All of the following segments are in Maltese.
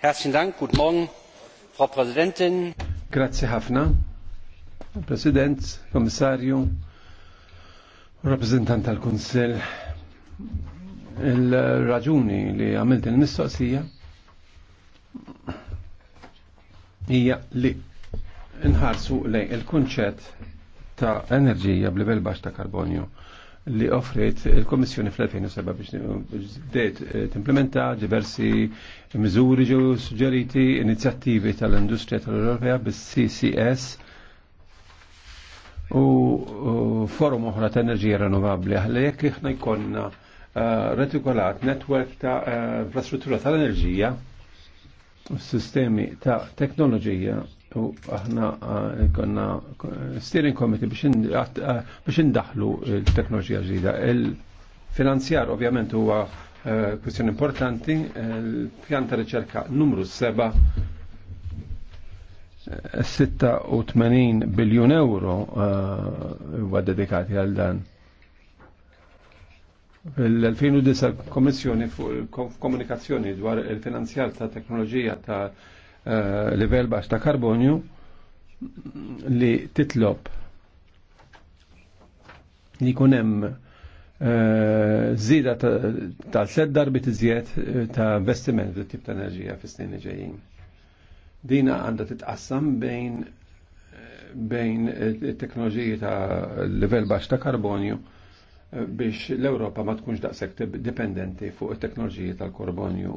Grazzi Grazie ħafna, President, Kommissarju, Rappresentant tal-Kunsel. Il-raġuni li għamilt il-mistoqsija hija li nħarsu lejn il-kunċett ta' enerġija b'livell baxx ta' karbonju li offret il-Komissjoni fl-2007 biex bdejt eh, timplementa diversi miżuri ġew suġġeriti inizjattivi tal-Industrija tal-Ewropea bis-CCS u forum oħra ta' enerġija rinnovabbli ħalli jekk aħna jkollna eh, retikolat netwerk ta' eh, infrastruttura tal-enerġija u sistemi ta' teknoloġija u aħna konna eh, steering committee biex indaħlu il-teknoloġija ġdida. Il-finanzjar ovvjament huwa eh, kwestjoni importanti, il-pjan ta' riċerka numru 7 86 eh, biljun euro huwa dedikati għal dan. fil 2010 Komissjoni fuq il-Komunikazzjoni dwar il-Finanzjar ta' Teknoloġija ta' Eh, livell bas ta' karbonju li titlob li kunem eh, zida ta' tlet darbit zjed eh, ta' investiment fil tip ta' enerġija fi snin ġejjin. Dina għandha titqassam bejn bejn teknoloġiji ta' livell baxx ta' karbonju biex l-Europa ma tkunx daqshekk dipendenti fuq it-teknoloġiji tal-korbonju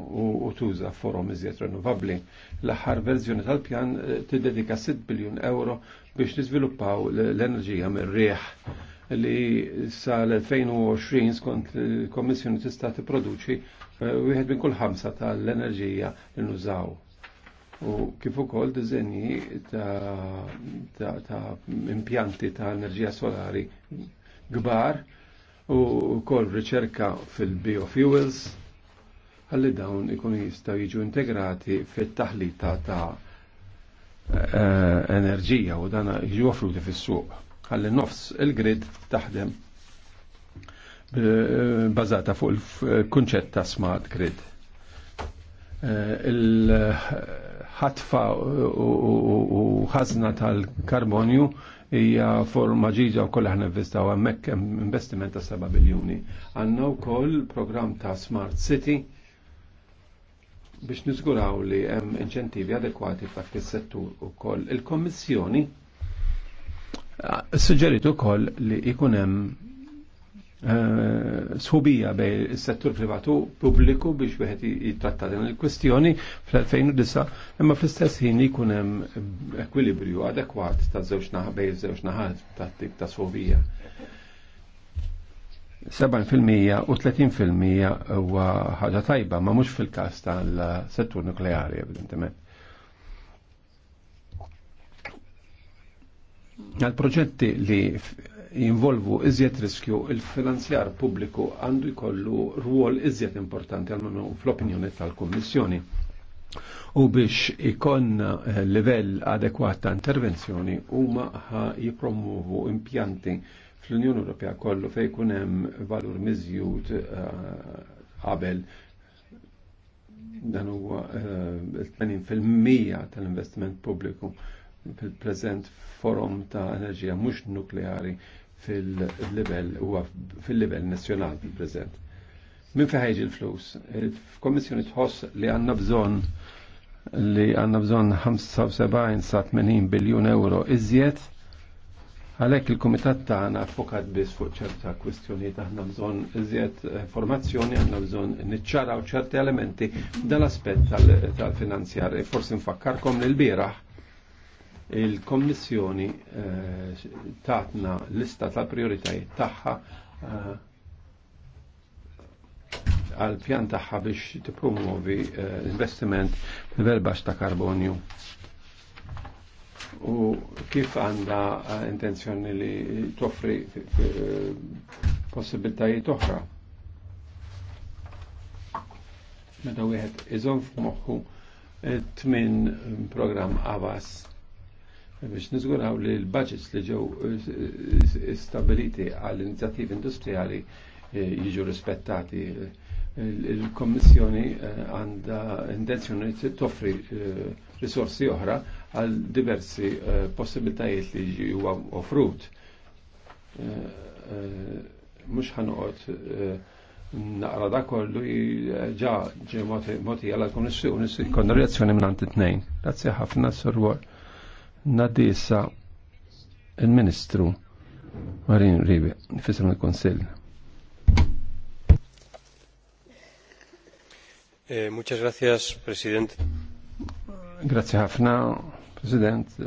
u tuża forom iżjed rinnovabbli. L-aħħar verżjoni tal-pjan eh, tiddedika 6 biljun euro biex niżviluppaw l-enerġija mir-rieħ li sal-2020 skont il-Kommissjoni tista' tipproduċi eh, wieħed minn kull ħamsa tal-enerġija li nużaw. U kif ukoll diżenji ta' impjanti ta' enerġija solari gbar u kol riċerka fil-biofuels għalli dawn ikun jistaw jiġu integrati fit-taħlita ta' eh, enerġija u dan jiġu offruti fis-suq għalli nofs il-grid taħdem eh, bazata fuq il-kunċett ta' smart grid. Eh, il ħatfa u ħazna tal-karbonju hija forma ġiġa u koll aħna investaw hemmhekk investiment ta' 7 biljuni. Għandna wkoll programm ta' Smart City biex niżguraw li hemm inċentivi adekwati f'dak is-settur ukoll. Il-Kommissjoni ah, suġġeritu ukoll li ikun hemm Eh, sħubija bej is-settur privatu pubbliku biex wieħed jitratta din il-kwestjoni fl-2009 imma fl-istess ħin jikunem hemm ekwilibrju adekwat ta' żewġ naħa bej żewġ naħat ta' tik ta' sħubija. 7% u 30% huwa ħaġa tajba, ma mhux fil-każ tal-settur nukleari evidentement. Għal proġetti li jinvolvu iżjed riskju il-finanzjar pubbliku għandu jkollu rwol iżjed importanti għal fl-opinjoni tal-Kommissjoni u biex ikon eh, livell adekwat ta' intervenzjoni huma jipromuvu impjanti fl-Unjoni Ewropea kollu fejn kunem hemm valur miżjud eh, qabel dan huwa 80% eh, tal-investiment pubbliku fil-preżent forum ta' enerġija mhux nukleari fil-livell huwa fil-livell nazzjonali fil-preżent. Min feħħeġ il-flus? F-komissjoni tħoss li għandna bżonn li għandna bżonn 75 sa 80 biljun euro iżjed għalhekk il-kumitat tagħna fokat biss fuq ċerta kwistjonijiet aħna bżonn iżjed formazzjoni, għandna bżonn niċċaraw ċerti elementi dal-aspett tal-finanzjar. Forsi nfakkarkom li l biraħ il-Kommissjoni eh, tatna lista ta' prioritajiet tagħha eh, għal pjan tagħha biex tippromovi eh, investiment fil ta' karbonju. U kif għandha intenzjoni li toffri possibilitajiet oħra. Meta wieħed iżomm f'moħħu tmin programm għavas biex nizguraw li l-budgets li ġew stabiliti għall-inizjattivi industrijali jiġu rispettati. Il-Kommissjoni għandha intenzjoni toffri risorsi oħra għal diversi possibilitajiet li jiġu offrut. Mhux ħanoqgħod naqra da kollu ġa ġi moti għal kommissjoni konna reazzjoni minn għand it-tnejn. Grazzi ħafna, Sir War. Nadisa il-Ministru Marin Ribi, fissem il-Konsil. Eh, muchas gracias, Presidente. Grazie Hafna. President, eh,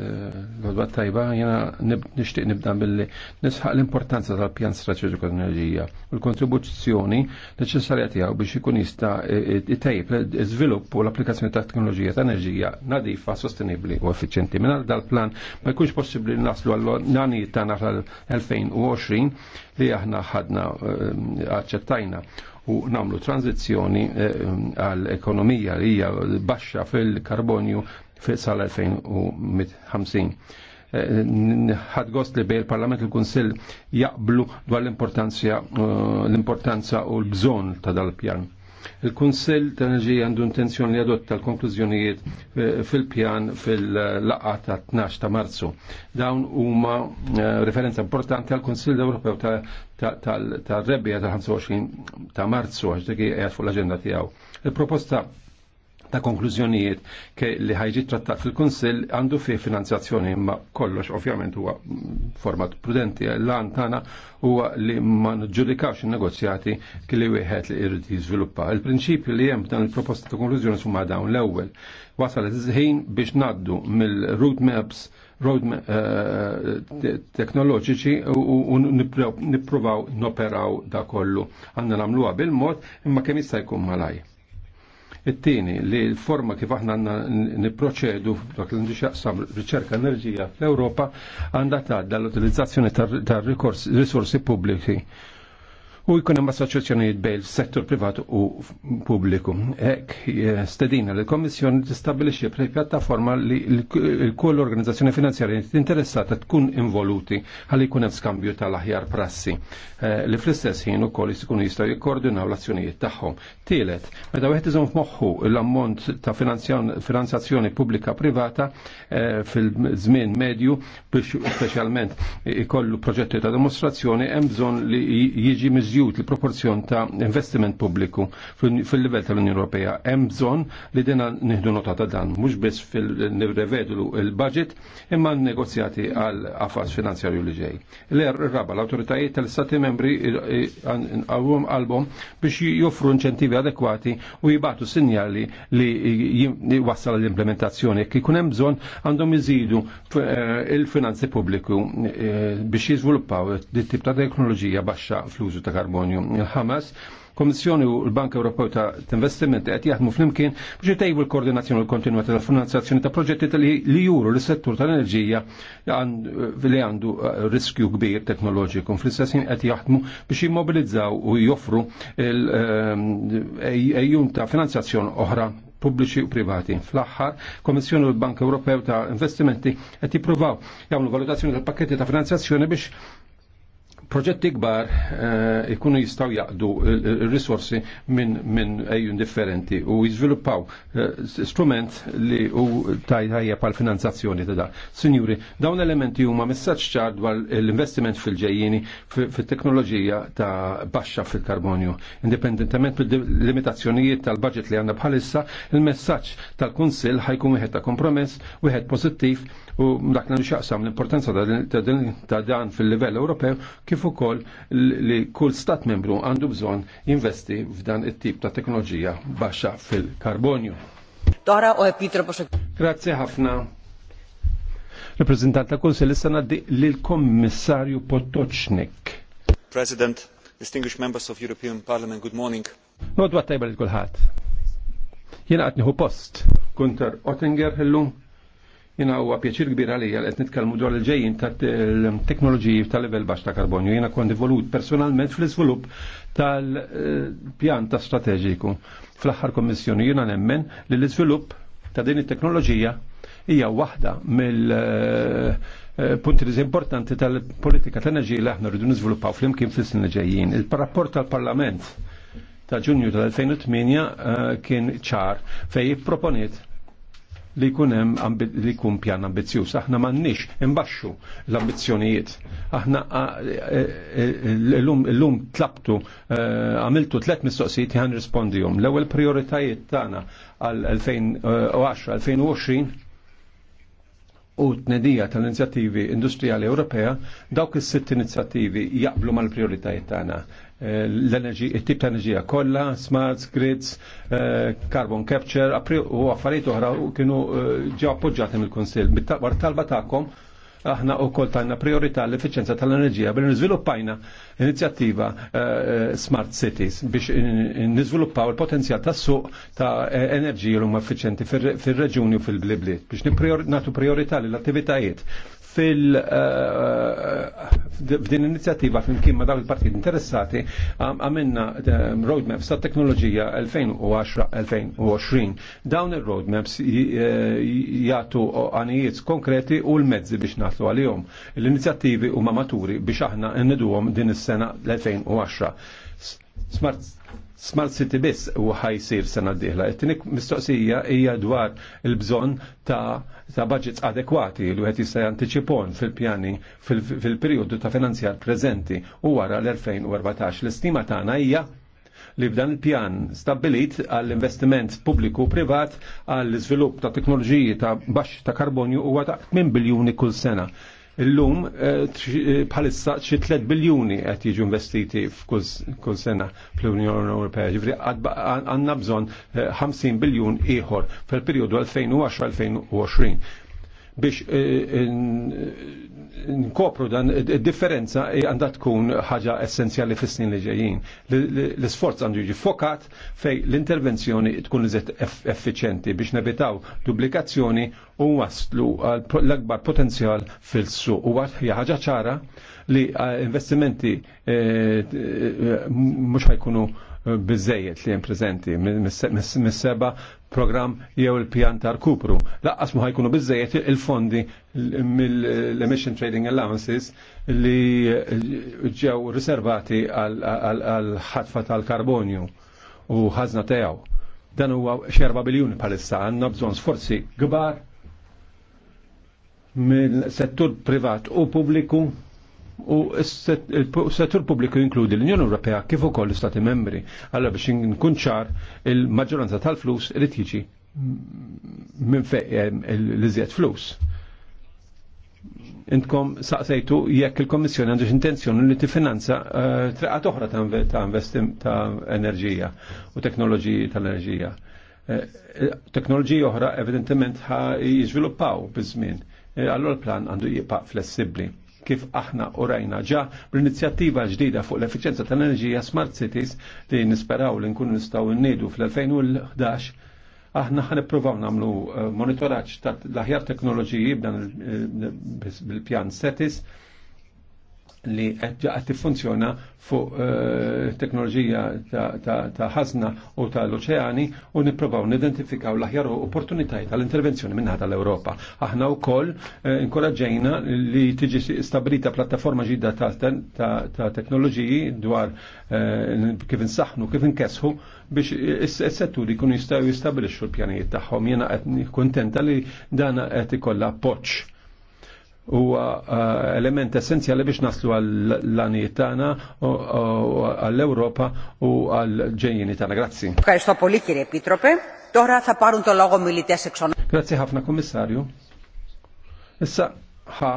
l-għodba tajba, jena nishtiq nibda billi nisħaq l-importanza tal-pjan strategiku tal-enerġija u l-kontribuzzjoni neċessarja tiegħu biex ikun jista' l iżvilupp u l-applikazzjoni ta' teknoloġija ta' enerġija nadifa, sostenibbli u effiċjenti. Minna dal-plan ma jkunx possibbli naslu għall-nani ta' l 2020 li aħna ħadna eh, aċċettajna u namlu tranzizjoni eh, għal ekonomija li hija baxxa fil-karbonju fil sal-2050. Eh, Ħad gost li bej il-Parlament il-Kunsill jaqblu dwar eh, l-importanza u l-bżon ta' dal-pjan. Il-Kunsill ta' Nġi għandu intenzjon li adotta l-konklużjonijiet eh, fil-pjan fil-laqqa ta' 12 ta' Marzu. Dawn huma referenza importanti għal Kunsill Ewropew tal-rebbija ta' 25 ta' Marzu għax dik fuq l-aġenda tiegħu. Il-proposta ta' konklużjonijiet li ħajġi trattat fil-Kunsill għandu fih finanzjazzjoni imma kollox ovvjament huwa format prudenti l-għan tagħna huwa li ma nġudikawx in-negozjati li wieħed li jrid jiżviluppa. Il-prinċipju li hemm dan il-proposta ta' konklużjoni huma dawn l-ewwel wasal iż-ħin biex naddu mill-roadmaps road eh, teknoloġiċi u nippruvaw noperaw da kollu. Għanna nagħmluha bil-mod imma kemm jista' jkun malaj It-tieni li l-forma kif aħna għanna nipproċedu dak li riċerka enerġija fl-Ewropa għandha tgħadda l-utilizzazzjoni tar-risorsi pubbliċi u jkun hemm assoċjazzjonijiet bejn settur privat u pubbliku. Hekk eh, stedina li l-Kommissjoni tistabbilixxi pjattaforma li kull organizzazzjoni finanzjarja interessata tkun involuti għal jkun hemm skambju tal-aħjar prassi eh, li fl-istess ħin ukoll jkunu jistgħu jikkoordinaw l-azzjonijiet tagħhom. Tielet, meta wieħed iżomm f'moħħu l-ammont ta' finanzjazzjoni pubblika privata eh, fil-żmien medju biex speċjalment ikollu proġetti ta' dimostrazzjoni hemm bżonn li jiġi miżjud li proporzjon ta' investiment pubbliku fil-livell tal-Unjoni Ewropea. Hemm bżonn li dena nieħdu nota ta' dan, mhux biss fil nirrevedlu il-budget imma n negozjati għal affarz finanzjarju li ġej. L-raba l awtoritajiet tal istati membri għawhom qalbhom biex joffru inċentivi adekwati u jibatu sinjali li wassal l-implementazzjoni. ikun hemm bżonn għandhom iżidu eh, il-finanzi pubbliku eh, biex jiżviluppaw dit-tip ta' teknoloġija baxxa fl-użu ta' karbonju Il-Hamas Komissjoni u l-Bank Ewropew ta' Investimenti qed jaħdmu flimkien biex jtejbu l-koordinazzjoni u l-kontinuità tal-finanzjazzjoni ta' proġetti li juru l settur tal-enerġija li għandu eh, riskju kbir teknoloġiku. Fl-istessin qed jaħdmu biex jimmobilizzaw u joffru eh, ejjun ta' finanzjazzjoni oħra pubbliċi u privati. Fl-aħħar, Komissjoni u l-Bank Ewropew ta' Investimenti qed jippruvaw jagħmlu valutazzjoni tal-pakketti ta' finanzjazzjoni biex proġetti kbar eh, ikunu jistaw jaqdu il-risorsi minn min ejjun differenti u jizviluppaw eh, strument li u tajja pal finanzazzjoni ta' da. Sinjuri, dawn elementi huma messaġġ ċar dwar l-investiment fil-ġejjini fil-teknoloġija ta' baxxa fil-karbonju. Indipendentement mill-limitazzjonijiet tal-budget li għandna bħalissa, il-messaġġ tal-Kunsill ħajkun wieħed ta' kompromess, wieħed pożittiv U dak li xaqsam l-importanza ta' dan fil-livell Ewropew kif ukoll li kull stat membru għandu bżonn jinvesti f'dan it-tip ta' teknoloġija baxxa fil-karbonju. Dora u Peter Grazzi ħafna. Rappresentant ta' Kull issa ngħaddi lill-Kommissarju Potocznik. President, distinguished members of European Parliament, good morning. Nodwa tajba li kulħadd. Jena għatniħu post. Gunter Ottinger illum Jina huwa pjaċir kbir għalija li qed nitkellmu dwar il-ġejjin tat-teknoloġiji tal-level baxx ta' karbonju. Jiena kont involut personalment fl-iżvilupp tal-pjan ta' strateġiku. Fl-aħħar kommissjoni jiena nemmen li l-iżvilupp ta' din it-teknoloġija hija waħda mill- eh, eh, punti importanti tal-politika tal-enerġija li aħna rridu niżviluppaw flimkien fis-snin ġejjin. Il-rapport tal-Parlament ta' Ġunju tal-2008 eh, kien ċar fej proponiet li jkun hemm li jkun pjan ambizzjuż. Aħna m'għandniex imbaxxu l-ambizzjonijiet. Aħna llum tlabtu għamiltu tliet mistoqsijiet jħan rispondihom. L-ewwel prioritajiet tagħna għal 2010-2020 u t-nedija tal-inizjattivi industrijali Ewropea dawk is-sitt inizjattivi jaqblu mal-prioritajiet tagħna. Eh, l enerġi it-tip ta' enerġija kollha, smarts, grids, eh, carbon capture, u affarijiet oħra kienu eh, ġew appoġġati mill-Kunsill. bit talba tagħkom aħna u kol tajna priorità l-efficienza tal-enerġija bil nizviluppajna inizjattiva eh, eh, Smart Cities biex nizviluppaw il-potenzjal tas suq ta' eh, enerġija l umma effiċenti fil-reġuni u fil-blibliet biex natu priorità l-attivitajiet fil eh, eh, f'din inizjattiva flimkien ma' dawn il-partit interessati għamilna eh, roadmaps ta' teknoloġija 2010-2020. Dawn il-roadmaps jgħatu għanijiet konkreti u l-mezzi biex naslu għalihom. L-inizjattivi huma maturi biex aħna nniduhom din is-sena l-2010. Smart Smart City biss u ħajsir sena d-dihla. it mistoqsija hija dwar il-bżon ta', ta budgets adekwati li għet jista' jantiċipon fil-pjani fil-periodu ta' finanzjar preżenti u wara l-2014. L-istima tagħna hija li b'dan il-pjan stabilit għall-investiment pubbliku u privat għall-iżvilupp ta' teknoloġiji ta' baxx ta' karbonju huwa ta' 8 biljuni kull sena. Illum eh, eh, bħalissa xi 3 biljuni qed jiġu investiti f'kull sena fl-Unjoni Ewropea. Ġifri għandna bżonn 50 eh, biljun ieħor fil-perjodu 2010-2020 biex nkopru dan differenza għandha tkun ħaġa essenzjali fis-snin li ġejjin. L-isforz għandu jiġi fokat fej l-intervenzjoni tkun iżet effiċenti biex nevitaw duplikazzjoni u waslu l-akbar potenzjal fil-suq. U hija ħaġa ċara li eh, investimenti eh, eh, mhux ħajkunu bizzejiet li hemm prezenti mis-seba program jew il-pjan ta' kupru. Laqqas mu ħajkunu bizzejiet il-fondi mill-Emission Trading Allowances li ġew riservati għal ħatfa tal-karbonju u ħazna tiegħu. Dan huwa xerba biljuni palissa għandna bżonn sforzi kbar mill-settur privat u pubbliku u s-settur pubbliku jinkludi l-Unjoni Ewropea kif ukoll l istati membri. Allora biex nkun ċar il-maġġoranza tal-flus irid jiġi minn fejn eh, l-iżjed flus. Intkom saqsejtu jekk il-Kommissjoni għandux intenzjoni li tifinanza eh, traqat oħra ta' investim ta' enerġija u teknoloġiji tal-enerġija. Eh, teknoloġiji oħra evidentement ħa jiżviluppaw biż-żmien. Allora l-plan għandu jibqa' flessibbli kif aħna urajna ġa bl-inizjattiva ġdida fuq l-efficienza tal-enerġija Smart Cities li nisperaw li nkunu nistaw n-nidu fl-2011 aħna ħan ippruvaw namlu eh, monitoraġġ ta' l-aħjar teknoloġiji b'dan bil eh, pjan Setis li qed tiffunzjona fuq eh, teknoloġija ta' ħazna u tal-oċeani u nipprovaw nidentifikaw l-aħjar opportunitajiet tal-intervenzjoni minna tal-Ewropa. Aħna wkoll eh, inkoraġġejna li tiġi stabilita plattaforma ġida ta' teknoloġiji dwar eh, kif insaħnu, kif inkesħu biex is-setturi jkunu jistgħu jistabilixxu l-pjanijiet tagħhom. Jiena qed kuntenta li dan qed ikollha appoġġ huwa eh, element essenzjali biex naslu għall-lanijiet tagħna għall-Ewropa u għall-ġejjini tagħna. Grazzi. Grazzi ħafna Kommissarju. Issa ħa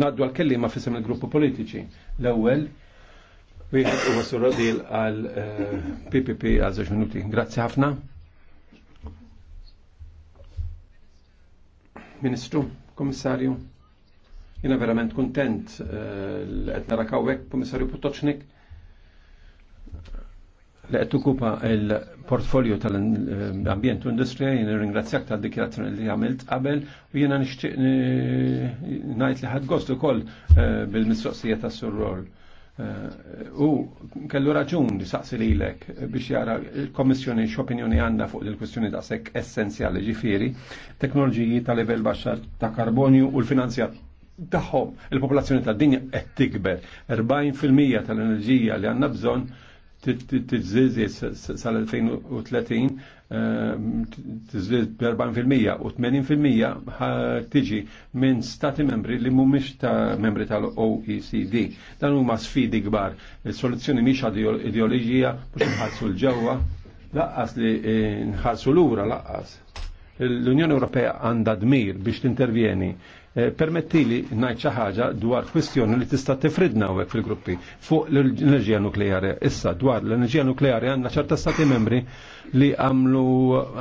naddu għal-kellima fisem il-gruppi politiċi. L-ewwel wieħed huwa surrodil għal PPP eh, għal żewġ minuti. Grazzi ħafna. Ministru, Kommissarju jina verament kontent eh, li qed nara kawek Kummissarju Potocznik li qed tukupa il-portfolio tal-ambjent u industrija jien ringrazzjak tal dikirazzjoni li għamilt qabel u jiena nixtieq ngħid li ħadd gost ukoll eh, bil-mistoqsija tas surrol. Eh, u kellu raġun li saqsi lilek biex jara l x x'opinjoni għanda fuq il-kwestjoni sekk essenzjali ġifieri, teknoloġiji ta' level baxxar ta' karbonju u l-finanzjat tagħhom. Il-popolazzjoni tad-dinja qed tikber. 40% tal-enerġija li għandna bżonn tiżżiżi sal-2030 ehm, tiżżiż b-40% u 80% tiġi minn stati membri li mhumiex ta' membri tal-OECD. Dan huma sfidi kbar. Is-soluzzjoni mhix ideoloġija biex nħarsu l-ġewwa laqqas li eh, nħarsu lura laqqas l-Unjoni Ewropea għandha dmir biex tintervjeni eh, permettili ngħid xi ħaġa dwar kwistjoni li tista' tifridna hawnhekk fil-gruppi fuq l-enerġija nukleari. Issa dwar l-enerġija nukleari għandna ċerta stati membri li għamlu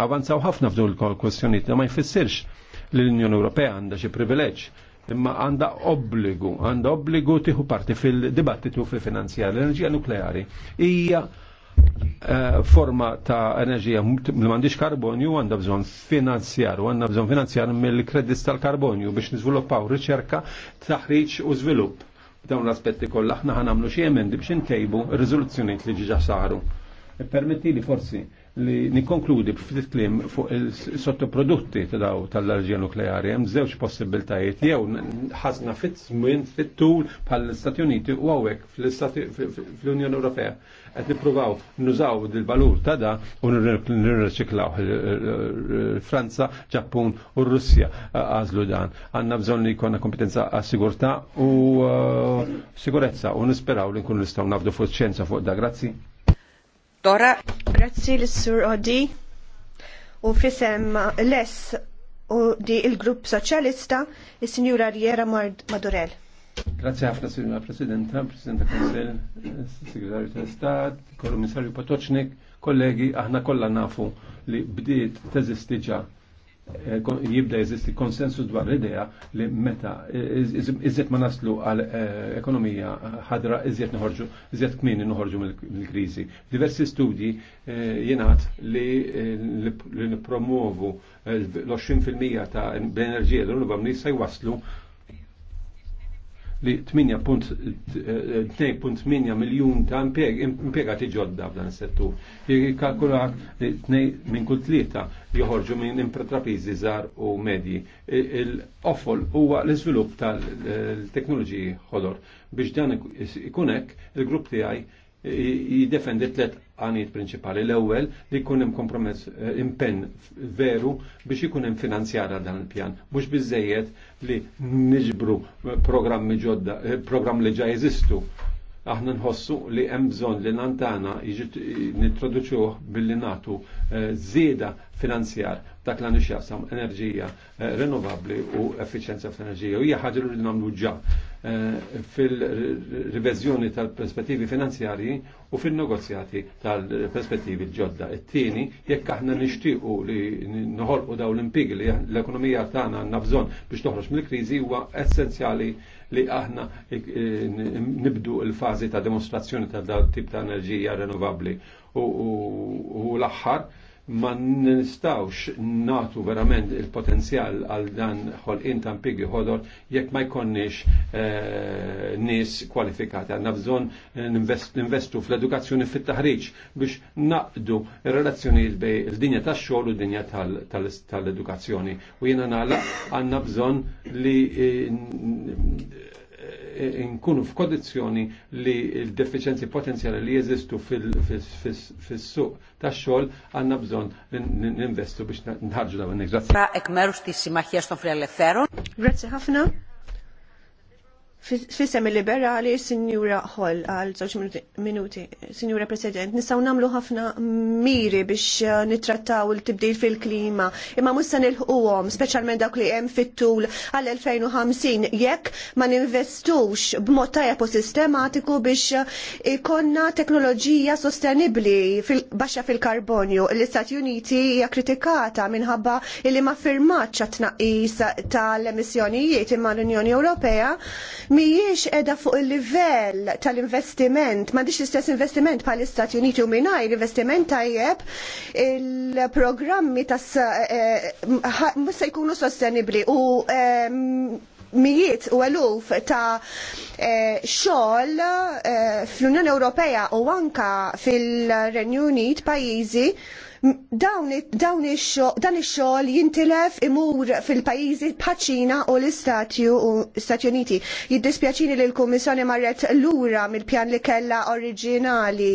avanzaw ħafna f'dul kwistjonijiet ma jfissirx li l-Unjoni Ewropea għandha xi privileġġ imma għanda obbligu, għanda obbligu tiħu parti fil-dibattitu fil-finanzjar. L-enerġija nukleari hija Eh, forma ta' enerġija li m'għandix karbonju għandha bżonn finanzjar u bżon bżonn finanzjar mill-kredits tal-karbonju biex niżviluppaw riċerka, taħriġ u żvilupp. Dawn l-aspetti kollha aħna ħanamlu xi emendi biex intejbu riżoluzzjonijiet li ġiġa saru. E Permetti li forsi li nikkonkludi b'ftit klim fuq il-sottoprodotti daw tal-enerġija nukleari hemm żewġ possibiltajiet jew ħazna fit-żmien fit-tul bħall-Istati Uniti u hawnhekk fl-Unjoni Ewropea qed nippruvaw nużaw il-valur ta' da u nirriċiklaw Franza, Ġappun u Russja għażlu dan. Għandna bżonn li jkollna kompetenza għas-sigurtà u uh, sigurezza u nisperaw li nkunu nistgħu nafdu fuq ċenza fuq da. Grazzi. Dora. Grazzi l-Sur Odi u fisem les u di il-Grupp Soċjalista il-Sinjura Riera Madurell. Grazie ħafna, Sinjura Presidenta, Presidenta Konsel, Segretarju ta' Stat, Komissarju Potocznik, kollegi, aħna kollha nafu li bdiet teżistiġa jibda jeżisti konsensus dwar l-idea li meta iżjed ma naslu għal eh, ekonomija ħadra iżjed noħorġu, iżjed kmini noħorġu mill-krizi. Diversi studji eh, jenat eh, li nipromovu l-20% ta' bl-enerġija l-unibam se jwaslu li 8.8 miljun ta' ti ġodda f'dan settur. Jikkalkulak li 2 minn kull tlieta joħorġu minn impretrapiżi zar u medji. Il-offol huwa l-iżvilupp tal-teknoloġiji ħodor. Biex dan ikun hekk, il-grupp tiegħi jiddefendi tliet għanijiet principali. L-ewwel li jkun hemm kompromess eh, impenn veru biex ikun hemm finanzjara dan il-pjan. Mhux biżejjed li niġbru programmi ġodda, eh, programm li ġa jeżistu aħna nħossu li hemm bżonn li nantana nintroduċuh billi natu eh, żieda finanzjar dak l xjaqsam enerġija eh, renovabbli u effiċenza fl-enerġija. U hija ħaġa li nagħmlu ġa eh, fil-riveżjoni tal-perspettivi finanzjarji u fil-negozjati tal-perspettivi ġodda. It-tieni jekk aħna nixtiequ li noħolqu daw l-impigi li l-ekonomija tagħna għandna bżonn biex toħroġ mill-kriżi huwa essenzjali li aħna eh, nibdu l-fazi ta' demonstrazzjoni ta' tip ta' enerġija rinnovabbli u l-aħħar ma nistawx natu verament il-potenzjal għal dan ħolqin ta' pigi ħodor jekk ma jkonniex eh, nies kwalifikati. Għandna bżonn investu fl-edukazzjoni fit-taħriġ biex naqdu r-relazzjonijiet bej il-dinja tax-xogħol u dinja tal-edukazzjoni. U jiena nagħlaq għandna bżonn li eh, nkunu f'kondizzjoni li l-deficienzi potenzjali li jeżistu fis-suq tax-xogħol għandna bżonn ninvestu biex nħarġu dawn. Grazzi. Grazzi ħafna. Fissem il-liberali, Sinjura Hall, għal zoċ minuti, Sinjura President, nistaw namlu ħafna miri biex eh, nitrattaw il-tibdil fil-klima, imma musta nil għom, specialment dawk li jem fit-tul għal-2050, jekk ma ninvestux b'mod tajab u sistematiku biex eh, ikonna teknoloġija sostenibli baxa fil-karbonju. L-Istati Uniti hija kritikata minħabba li ma firmatx tnaqqis tal-emissjonijiet imma l-Unjoni Ewropea Mijiex qiegħda fuq il-livell tal-investiment, m'għandix l-istess investiment l istati Uniti u mingħajr investiment tajjeb il-programmi tas eh, eh, mhux jkunu sostenibbli u mijiet u għaluf ta' e, xogħol fl-Unjoni Ewropea u anka fil-Renju Unit pajjiżi dawn ix-xogħol jintilef imur fil-pajjiżi bħaċ-Ċina u l-Istati Stati Uniti. Jiddispjaċini li l-Kummissjoni marret lura mill-pjan li kellha oriġinali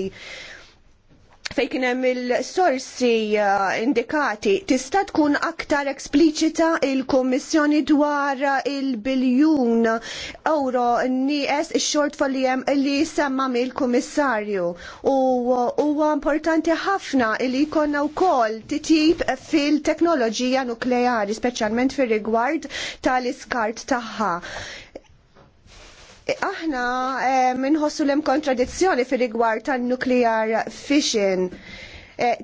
fej kien hemm il-sorsi eh, indikati, tista' tkun aktar ekspliċita il-Kummissjoni dwar il-biljun euro nies ix-xortfall li hemm li semma mill-Kummissarju. U eh, huwa importanti ħafna li jkollna wkoll titjib fil-teknoloġija nukleari, speċjalment fir-rigward tal-iskart tagħha. Aħna eh, minħossu l-em kontradizzjoni fil rigward tan-nuclear fission. Eh,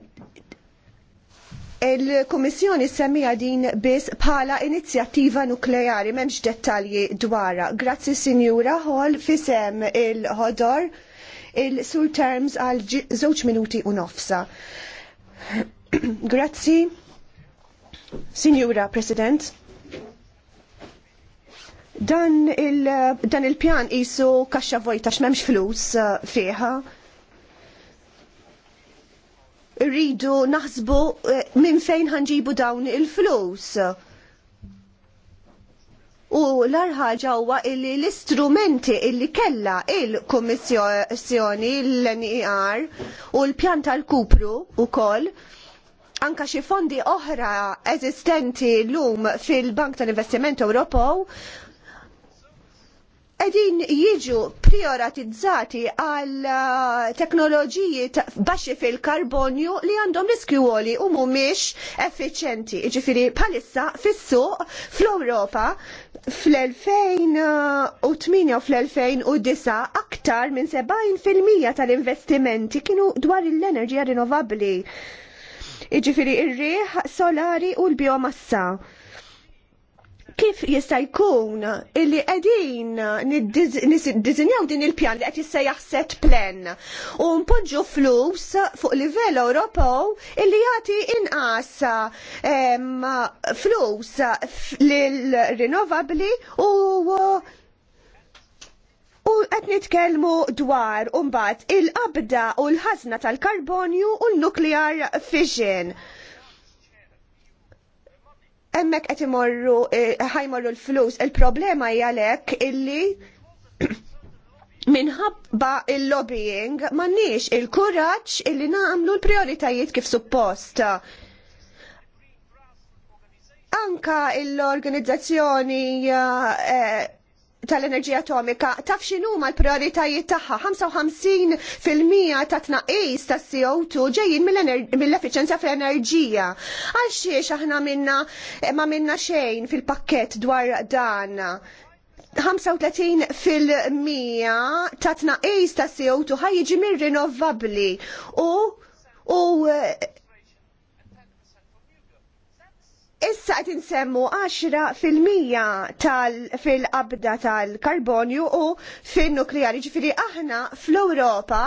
Il-Komissjoni semmija din biss bħala inizjattiva nukleari m'hemmx dettalji dwarha. Grazzi Sinjura Hall fisem il-ħodor il-sur terms għal żewġ minuti u nofsa. Grazzi, Signura President. Dan il-pjan il jisu kaxxa vojta x'memx flus eh, fiha. Rridu naħsbu eh, minn fejn ħanġibu dawn il-flus. U l-arħaġa huwa illi l-istrumenti illi kella il kummissjoni l nir e u l-pjan tal-Kupru u koll anka xi fondi oħra eżistenti lum fil-Bank tal-Investiment Ewropew edin jiġu prioritizzati għal uh, teknoloġiji baxi fil-karbonju li għandhom riskju għoli u mumiex effiċenti. Ġifiri, palissa fis-suq fl-Europa fl-2008 u fl-2009 aktar minn 70% tal-investimenti kienu dwar l-enerġija rinnovabli. Iġifiri, ir-riħ solari u l-biomassa kif jista' jkun illi qegħdin niddiżinjaw din il-pjan li qed jissejjaħ set plan u npoġġu flus fuq livell Ewropew illi jagħti inqas flus lill rinnovabbli u U qed nitkellmu dwar mbagħad il-qabda u l-ħażna tal-karbonju u l-nuklear fission emmek qed imorru eh, ħajmorru eh, l-flus. Il-problema hija lek illi minħabba il-lobbying m'għandniex il-kuraġġ illi nagħmlu l-prioritajiet kif suppost. Anka l-organizzazzjoni eh, tal-enerġija atomika taf xinu ma l-prioritajiet tagħha 55% ta' tnaqis ta' CO2 ġejjin mill-efficienza fl-enerġija. Għal xiex aħna minna ma minna xejn fil-pakkett dwar dan. 35 fil-mija ta' tnaqis ta' CO2 ħajjiġi mir-rinnovabbli u u Issa qed insemmu 10% tal fil-qabda tal-karbonju u fin-nukleari ġifieri aħna fl-Ewropa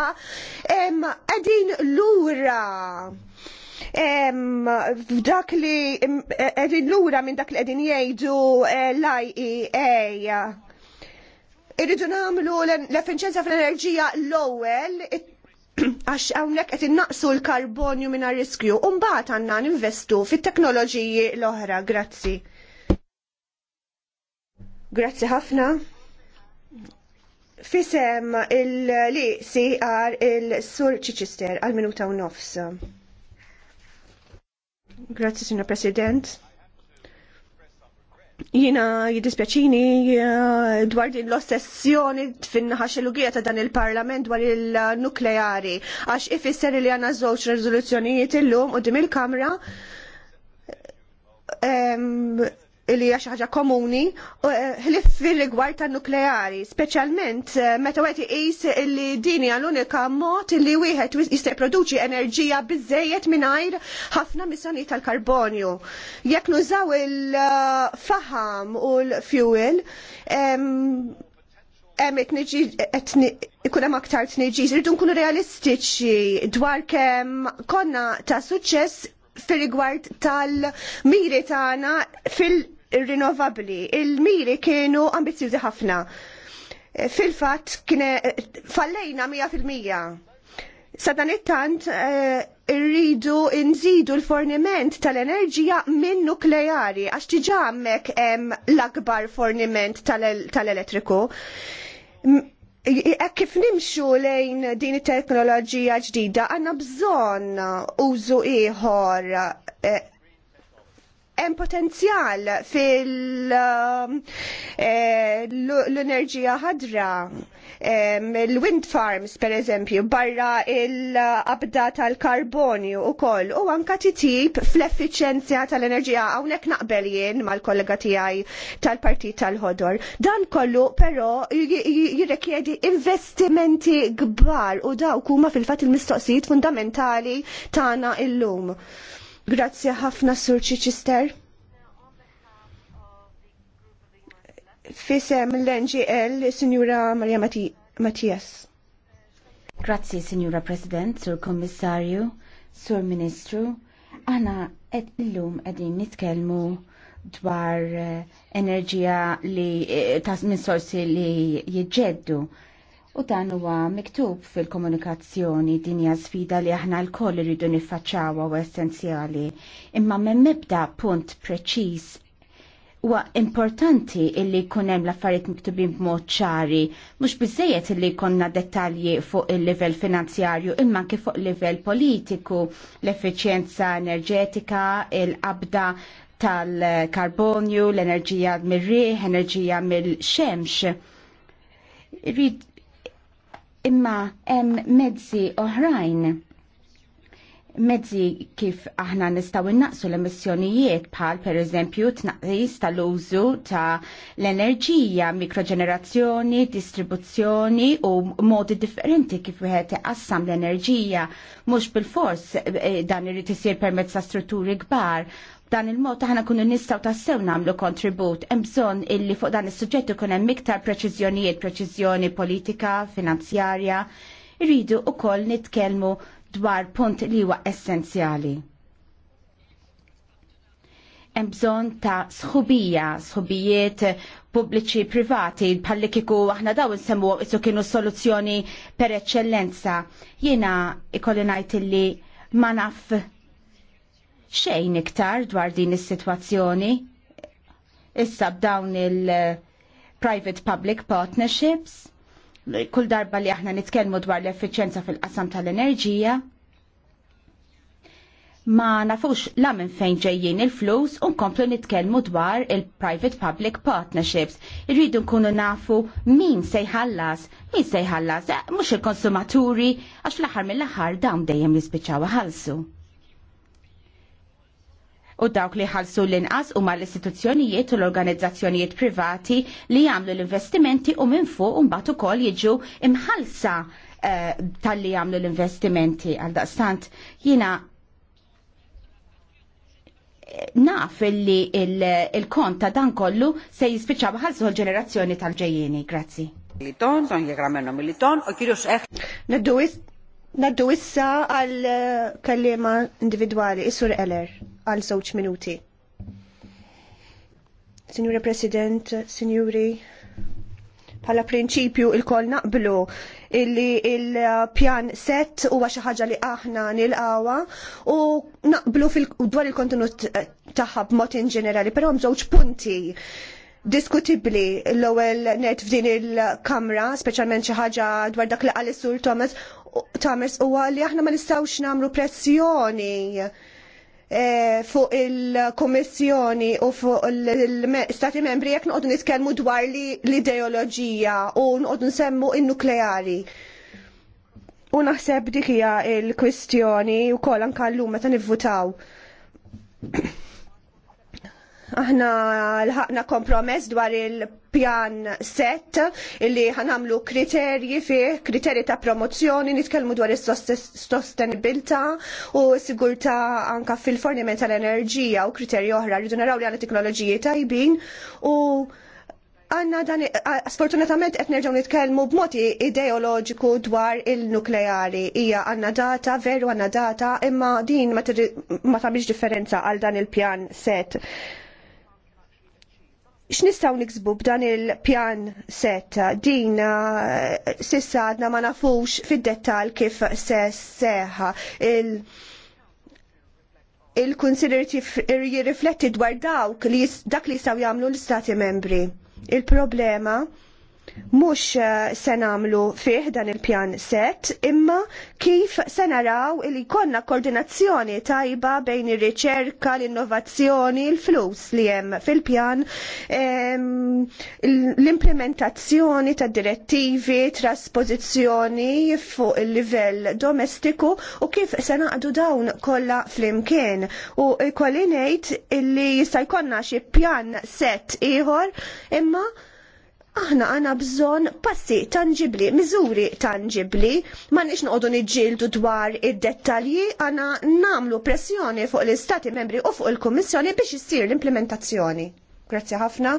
qegħdin lura f'dak li qegħdin lura minn dak li qegħdin jgħidu eh, l-IEA. Irridu nagħmlu l-efficienza fl-enerġija l-ewwel, għax hawnhekk qed innaqsu l-karbonju mingħajr riskju u mbagħad għandna ninvestu fit-teknoloġiji l-oħra. Grazzi. Grazzi ħafna. Fisem il-li għar il-Sur Chichester għal-minuta u nofs. Grazzi, Signor President jina jidispjaċini eh, dwar din l-ossessjoni fin-naħa xelugija ta' dan il-parlament dwar il-nukleari għax ifisser li għanna żewġ rezoluzzjonijiet illum u dim il-kamra li hija xi ħaġa komuni eh, ħlif fir-rigward tan-nukleari, speċjalment eh, meta għet iqis li din hija l-unika mod li wieħed jista' jipproduċi enerġija biżejjed mingħajr ħafna misani tal-karbonju. Jekk nużaw il-faham u l-fuel, hemm ikun hemm aktar tniġis, irridu nkunu realistiċi dwar kemm konna ta' suċċess fil-rigward tal-miri tagħna fil- rinnovabli. Il-miri kienu ambizjużi ħafna. Fil-fat kiene fallejna 100%. Sadan it-tant eh, irridu nżidu l-forniment tal-enerġija minn nukleari għax tiġa hemmhekk hemm l-akbar forniment tal-elettriku. Ek e-, kif nimxu lejn din it-teknoloġija ġdida għandna bżonn użu ieħor eh, hemm potenzjal fil-enerġija um, eh, ħadra l-wind farms per eżempju barra il-abda tal-karbonju u koll u anka titib fl-effiċenzja tal-enerġija hawnhekk naqbel jien mal-kollega tiegħi tal-Partit tal-Ħodor. Dan kollu però jirrikjedi investimenti kbar u dawk huma fil-fatt il-mistoqsijiet fundamentali tagħna lum Grazzi ħafna Sur Chichester. Fisem l-NGL, Signora Maria Mattias. Grazzi, Signora President, Sur Kommissarju, Sur Ministru. Għana ed illum edin nitkelmu dwar eh, enerġija li eh, ta' minn sorsi li jġeddu U dan huwa miktub fil-komunikazzjoni din hija sfida li aħna l-koll irridu niffaċċawha u essenzjali. Imma minn mibda punt preċiż huwa importanti illi jkun hemm l-affarijiet miktubin b'mod ċari, mhux biżejjed illi jkollna dettalji fuq il-livell finanzjarju imma anke fuq livell politiku, l-effiċjenza enerġetika, il-qabda tal-karbonju, l-enerġija mir-riħ, enerġija mill-xemx imma hemm mezzi oħrajn mezzi kif aħna nistaw innaqsu l-emissjonijiet bħal per eżempju tnaqis tal-użu ta' l-enerġija, mikroġenerazzjoni, distribuzzjoni u modi differenti kif wieħed iqassam l-enerġija mhux bil-fors eh, dan irid isir permezz ta' strutturi kbar Dan il-mod aħna kunu nistaw tassew namlu kontribut. Emżon illi fuq dan is-suġġett ikun hemm iktar preċiżjonijiet, preċiżjoni politika, finanzjarja. Irridu koll nitkellmu dwar punt li huwa essenzjali. Hemm bżonn ta' sħubija, sħubijiet pubbliċi privati bħalli kiku aħna daw nsemmu isu kienu soluzzjoni per eccellenza. Jiena ikollinajt illi ma naf xejn iktar dwar din is-sitwazzjoni. Issa b'dawn il-private public partnerships, kull darba li aħna nitkellmu dwar l-effiċenza fil-qasam tal-enerġija, ma nafux la minn fejn ġejjin il-flus u nkomplu nitkellmu dwar il-private public partnerships. Irridu nkunu nafu min se jħallas, min se jħallas, mhux il-konsumaturi, għax fl aħħar mill aħħar dawn dejjem jispiċċaw ħalsu u dawk li ħalsu l-inqas u mal istituzzjonijiet u l-organizzazzjonijiet privati li jagħmlu l-investimenti u minn fuq mbagħad ukoll jiġu imħalsa eh, tal-li jagħmlu l-investimenti għal daqstant jiena eh, naf li il-kont ta' dan kollu se jispiċċa bħalsu l-ġenerazzjoni tal-ġejjeni. Grazzi. Militon, militon, u kirjus eħ. Naddu issa għal eh, kallima individuali, Isur Eller għal żewġ minuti. Signora President, Signori, bħala prinċipju il-kol naqblu illi il-pjan set huwa xi ħaġa li aħna nilqawa u naqblu dwar il-kontenut tagħha b'mod in ġenerali, però hemm żewġ punti diskutibli l-ewwel net f'din il-kamra, speċjalment xi ħaġa dwar dak li qal is-Sur Thomas Thomas huwa li aħna ma nistgħux nagħmlu pressjoni Eh, fuq il-Komissjoni u fuq il-Stati membri jekk noqogħdu nitkellmu dwar l-ideoloġija u noqdu nsemmu il nukleari U naħseb dik hija l-kwistjoni wkoll anke llum meta nivvutaw. Aħna l-ħakna kompromess dwar il- pjan set illi ħanamlu kriterji fih, kriterji ta' promozzjoni, nitkellmu dwar is-sostenibilità u s-sigurtà anka fil-forniment tal-enerġija u kriterji oħra rridu naraw li għandna teknoloġiji tajbin u għanna dan, sfortunatament qed nerġgħu nitkellmu b'mod ideoloġiku dwar il-nukleari. Hija għandna data, veru għandna data, imma din ma tagħmilx differenza għal dan il-pjan set x'nistgħu niksbu b'dan il-pjan setta din eh, sissa għadna ma nafux fid dettall kif se seħħa il- il-konsiderti jirrifletti dwar dawk li dak li jistgħu jagħmlu l istati membri. Il-problema mux eh, se namlu fih dan il-pjan set, imma kif se naraw li konna koordinazzjoni tajba bejn ir-riċerka, l-innovazzjoni, l-flus li hemm fil-pjan, l-implementazzjoni ta' direttivi, trasposizjoni fuq il-livell domestiku u kif se naqdu dawn kollha flimkien. U kollinejt ngħid li sajkonna jkollna xi pjan set ieħor, imma aħna għana bżon passi tangibli, miżuri tangibli, ma nix noqdu nġildu dwar id-dettalji, għana namlu pressjoni fuq l-Istati membri u fuq il-Kommissjoni biex jissir l-implementazzjoni. Grazie ħafna.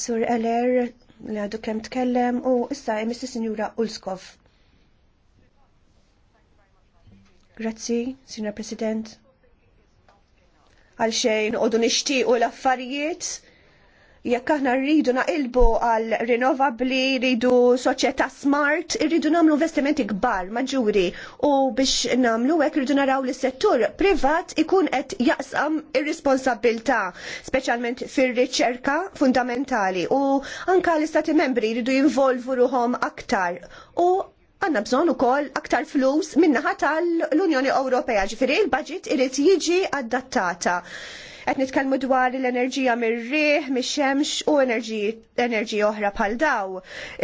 Sur Eller, li għadu kem tkellem, u issa emissi Sinjura Ulskov. Grazzi, Sinjura President. Għal xejn, u dun l-affarijiet jekk aħna rridu naqilbu għal rinnovabli, rridu soċjetà smart, rridu nagħmlu investimenti kbar, maġuri u biex nagħmlu hekk rridu naraw li settur privat ikun qed jaqsam ir-responsabilità, speċjalment fir-riċerka fundamentali u anka l-istati membri jridu jinvolvu ruhom aktar u għanna bżon u kol aktar flus minnaħa tal-Unjoni Ewropea, ġifiri il-budget irrit jiġi adattata. Qed nitkellmu dwar l-enerġija mir-riħ, mix-xemx u enerġija oħra bħal daw.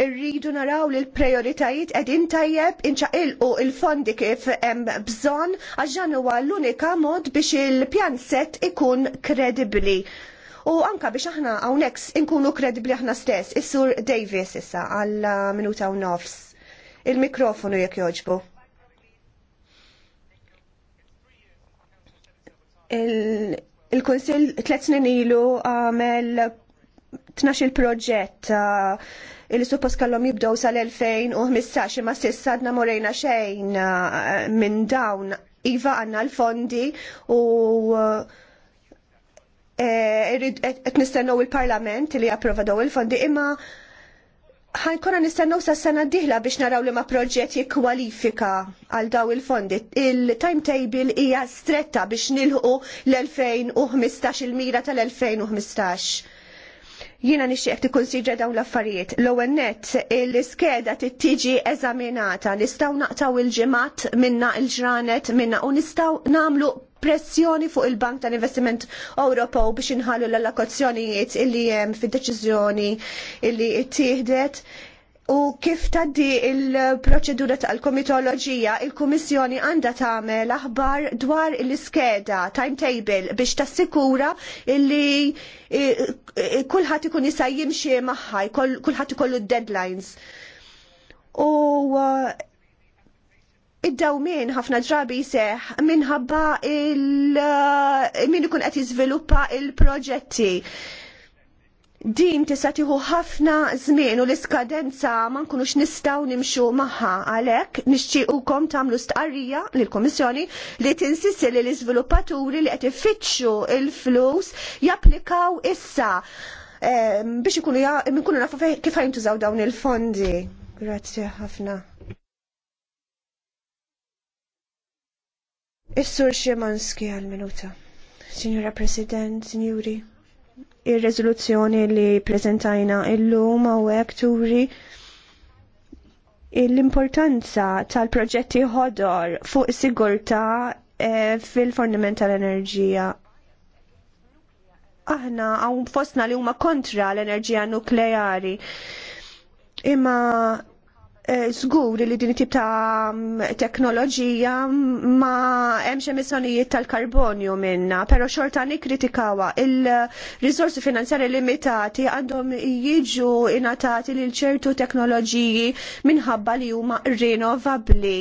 Irridu naraw li l prijoritajiet qegħdin tajjeb inċaqilqu il-fondi kif hemm bżonn għax dan huwa l-unika mod biex il-pjan set ikun kredibbli. U anka biex aħna hawnhekk inkunu kredibbli aħna stess, is-sur Davis issa għal minuta u nofs. Il-mikrofonu jekk joġbu. il il-Konsil tlet snin ilu għamel 12 proġett uh, il suppost kellhom jibdow sal-2015 imma s'issa għadna morejna xejn uh, minn dawn iva għandna l-fondi u qed uh, nistennew il-Parlament li japprova daw il-fondi imma ħankonna nistennew sa sena diħla biex naraw li ma proġett jikkwalifika għal daw il-fondi. Il-timetable hija stretta biex nilħu l-2015 il-mira tal-2015. Jiena nixtieq tikkunsidra dawn l-affarijiet. L-ewwel nett l-iskeda tittiġi eżaminata, nistgħu naqtaw il-ġimgħat minna il-ġranet minna u nistgħu nagħmlu pressjoni fuq il-Bank tal-Investiment Ewropew biex inħallu l-allokazzjonijiet illi hemm fid-deċiżjoni illi ttieħdet u kif taddi il-proċedura tal-komitoloġija il-Kummissjoni għandha tagħmel aħbar dwar l-iskeda timetable biex tassikura illi kulħadd ikun jista' jimxi magħha, kulħadd ikollu deadlines. U uh, id-dawmin ħafna ġrabi seħ minħabba il- eh, min ikun qed jiżviluppa il-proġetti. Din tista' tieħu ħafna żmien u l-iskadenza ma nkunux nistgħu nimxu magħha għalhekk nixtiequkom tagħmlu stqarrija lill-Kummissjoni li tinsisti li l-iżviluppaturi li qed ifittxu il-flus japplikaw issa eh, biex ikunu nafu kif ħajntużaw dawn il-fondi. Grazzi ħafna. Is-sur Szymanski għal-minuta. Signora President, Signori, ir-rezoluzzjoni li prezentajna il-lum għawek turi l-importanza tal-proġetti ħodor fuq sigurta eh, fil-forniment tal-enerġija. Aħna għaw fosna li huma kontra l-enerġija nukleari. Imma żgur eh, li din tip ta' mm, teknoloġija ma hemmx emissjonijiet tal-karbonju minna, però xorta nikkritikawha il-riżorsi finanzjari limitati għandhom jiġu inatati lil ċertu teknoloġiji minħabba li huma rinnovabbli.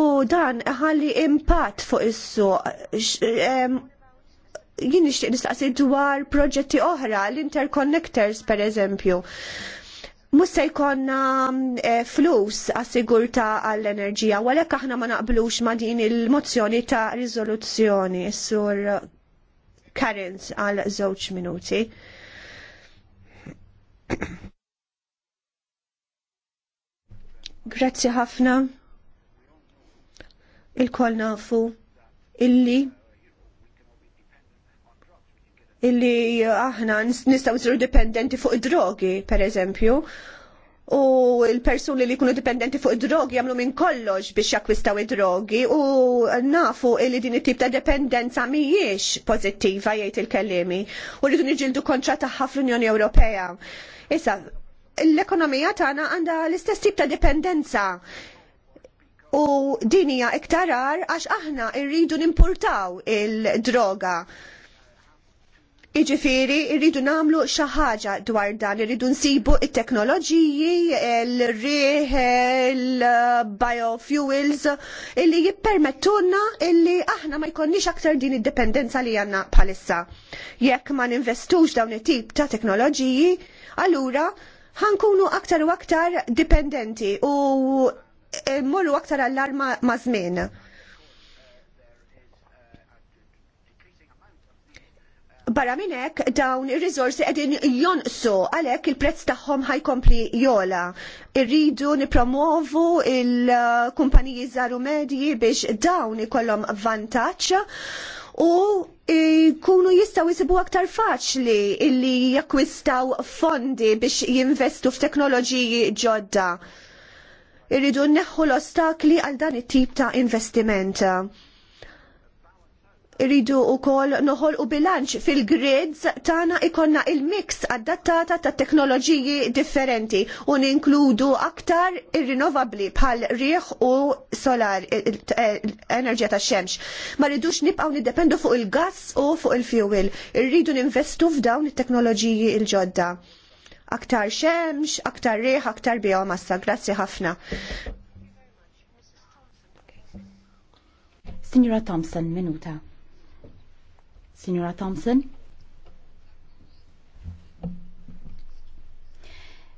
U dan ħalli impatt fuq is-suq jien nixtieq nistaqsi dwar proġetti oħra, l-interconnectors per eżempju. Musa jkonna eh, flus għas-sigurta għall-enerġija, u għalhekk aħna ma naqblux ma din il-mozzjoni ta' riżoluzzjoni sur Karens għal żewġ minuti. Grazzi ħafna. il kolna nafu illi illi aħna nistaw nsiru dipendenti fuq id-drogi, per eżempju. U l-persuni li kunu dipendenti fuq id-drogi jamlu minn kollox biex jakwistaw id-drogi u nafu illi din it-tip ta' dipendenza mijiex pozittiva jgħid il-kellimi u rridu niġildu kontra taħħa fl-Unjoni Ewropea. Issa, l-ekonomija tagħna għandha l-istess tip ta' dipendenza. u dinija iktarar għax aħna irridu nimportaw il-droga. il droga Iġifiri, irridu namlu xaħġa dwar dan, irridu nsibu il-teknoloġiji, il-riħ, il-biofuels, illi jippermettuna illi aħna ma jkonniex aktar din id-dependenza li għanna bħalissa. Jekk ma ninvestux dawn it-tip ta' teknoloġiji, allura ħankunu aktar u aktar dipendenti u morru aktar allarma ma' żmien. barra minn hekk dawn ir rizorsi qegħdin jonqsu għalhekk il-prezz tagħhom ħajkompli jola. Irridu nipromovu il-kumpaniji żaru medji biex dawn ikollhom vantaġġ u jkunu jistaw jisibu aktar faċli illi jakkwistaw fondi biex jinvestu f'teknoloġiji ġodda. Irridu neħħu l-ostakli għal dan it-tip ta' investimenta. Iridu u kol noħol u bilanċ fil-grids tana ikonna il-mix adattata ta' teknoloġiji differenti u ninkludu aktar il-rinovabli bħal riħ u solar, eh, eh, enerġija ta' xemx. Ma ridux nibqaw nidependu fuq il-gas u fuq il-fuel. Irridu ninvestu f'dawn it-teknoloġiji il-ġodda. Aktar xemx, aktar riħ, aktar biomassa. Grazzi ħafna. Signora Thompson, minuta. Signora Thompson.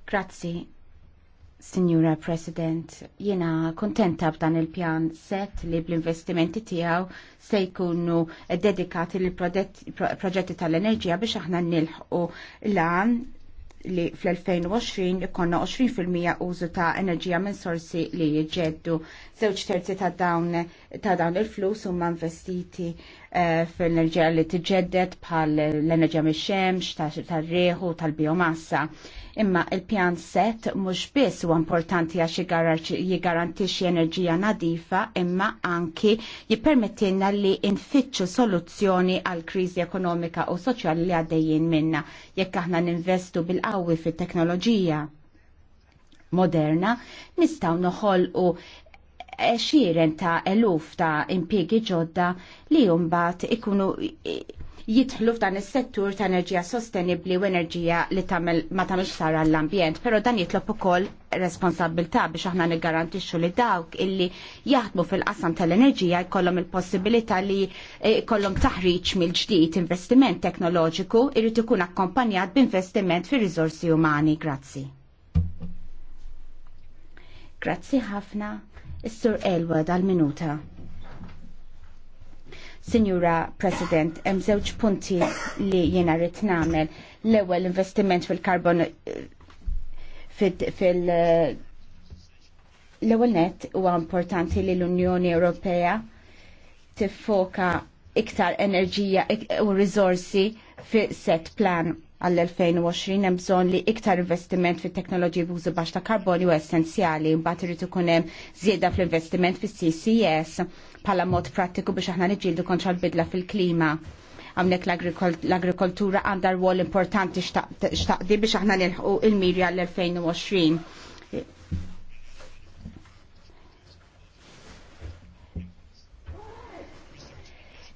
Grazzi, Signora President. Jena kontenta b'dan il-pjan set li bl-investimenti tijaw se jkunu dedikati li proġetti tal-enerġija biex aħna nilħu lan li fl-2020 ikonna 20% użu ta' enerġija minn sorsi li jġeddu. Zewċ terzi ta' dawn, ta dawn il-flus huma investiti Eh, fil-enerġija li tġeddet bħal l-enerġija mix-xemx, tal reħu tal-biomassa. Imma il-pjan set mhux biss huwa importanti għax jigarantixxi enerġija nadifa, imma anki jippermettilna li nfittxu soluzzjoni għal kriżi ekonomika u soċjali li għaddejjin minna jekk aħna ninvestu bil-qawwi fit-teknoloġija moderna nistaw noħolqu E, xiren ta' eluf ta' impiegi ġodda li jumbat ikunu jitħlu f'dan is-settur ta' enerġija sostenibbli u enerġija li tamel ma tagħmelx sara l-ambjent, però dan jitlob ukoll responsabilità biex aħna niggarantixxu li dawk illi jaħdmu fil-qasam tal-enerġija jkollhom il-possibilità li e, jkollhom taħriġ mill-ġdid investiment teknoloġiku irid ikun akkompanjat b'investiment fir-riżorsi umani. Grazzi. Grazzi ħafna. Sir sur Elwa dal-minuta. Signora President, hemm żewġ punti li jiena rrid nagħmel. L-ewwel investiment fil-karbon fil- l-ewwel net huwa importanti li l-Unjoni Ewropea tiffoka iktar enerġija u riżorsi fi set plan għall-2020 hemm bżonn li iktar investiment fit teknoloġi b'użu baxx ta' karbonju essenzjali mbagħad irid ikun hemm żieda fl-investiment fis-CCS bħala mod prattiku biex aħna niġġieldu kontra l-bidla fil-klima. Għamnek l-agrikoltura għandha rwol importanti xtaqdi biex aħna nilħu il-mirja l-2020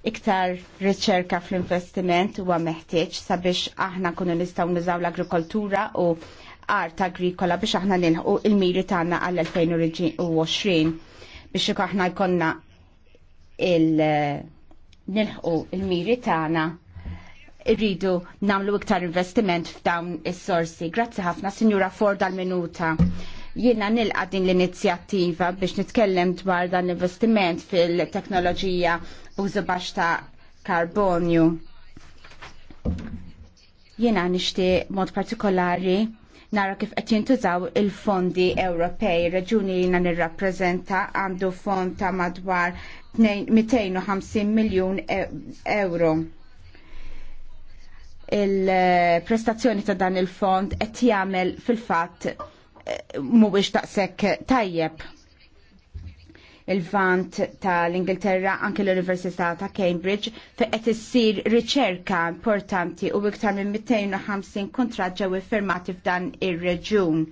iktar riċerka fl-investiment huwa meħtieġ sabiex aħna kunu nistgħu nużaw l-agrikoltura u art agrikola biex aħna nilħu il-miri tagħna għall-2020 biex ikun aħna jkollna il nilħu il-miri tagħna irridu namlu iktar investiment f'dawn is-sorsi. Grazzi ħafna, Sinjura Ford għal-minuta. Jiena nilqa din l-inizjattiva biex nitkellem dwar dan l-investiment fil-teknoloġija u baxx ta' karbonju. Jiena nixtieq mod partikolari nara kif qed jintużaw il-fondi Ewropej. Reġuni li nirrappreżenta għandu fond ta' madwar 250 miljun e- euro. Il-prestazzjoni ta' dan il-fond qed jagħmel fil-fatt mhuwiex taqsek tajjeb il-vant tal-Ingilterra anke l-Università ta' Cambridge feqet issir riċerka importanti u iktar minn 250 kontraġġa ġew iffirmati f'dan ir-reġjun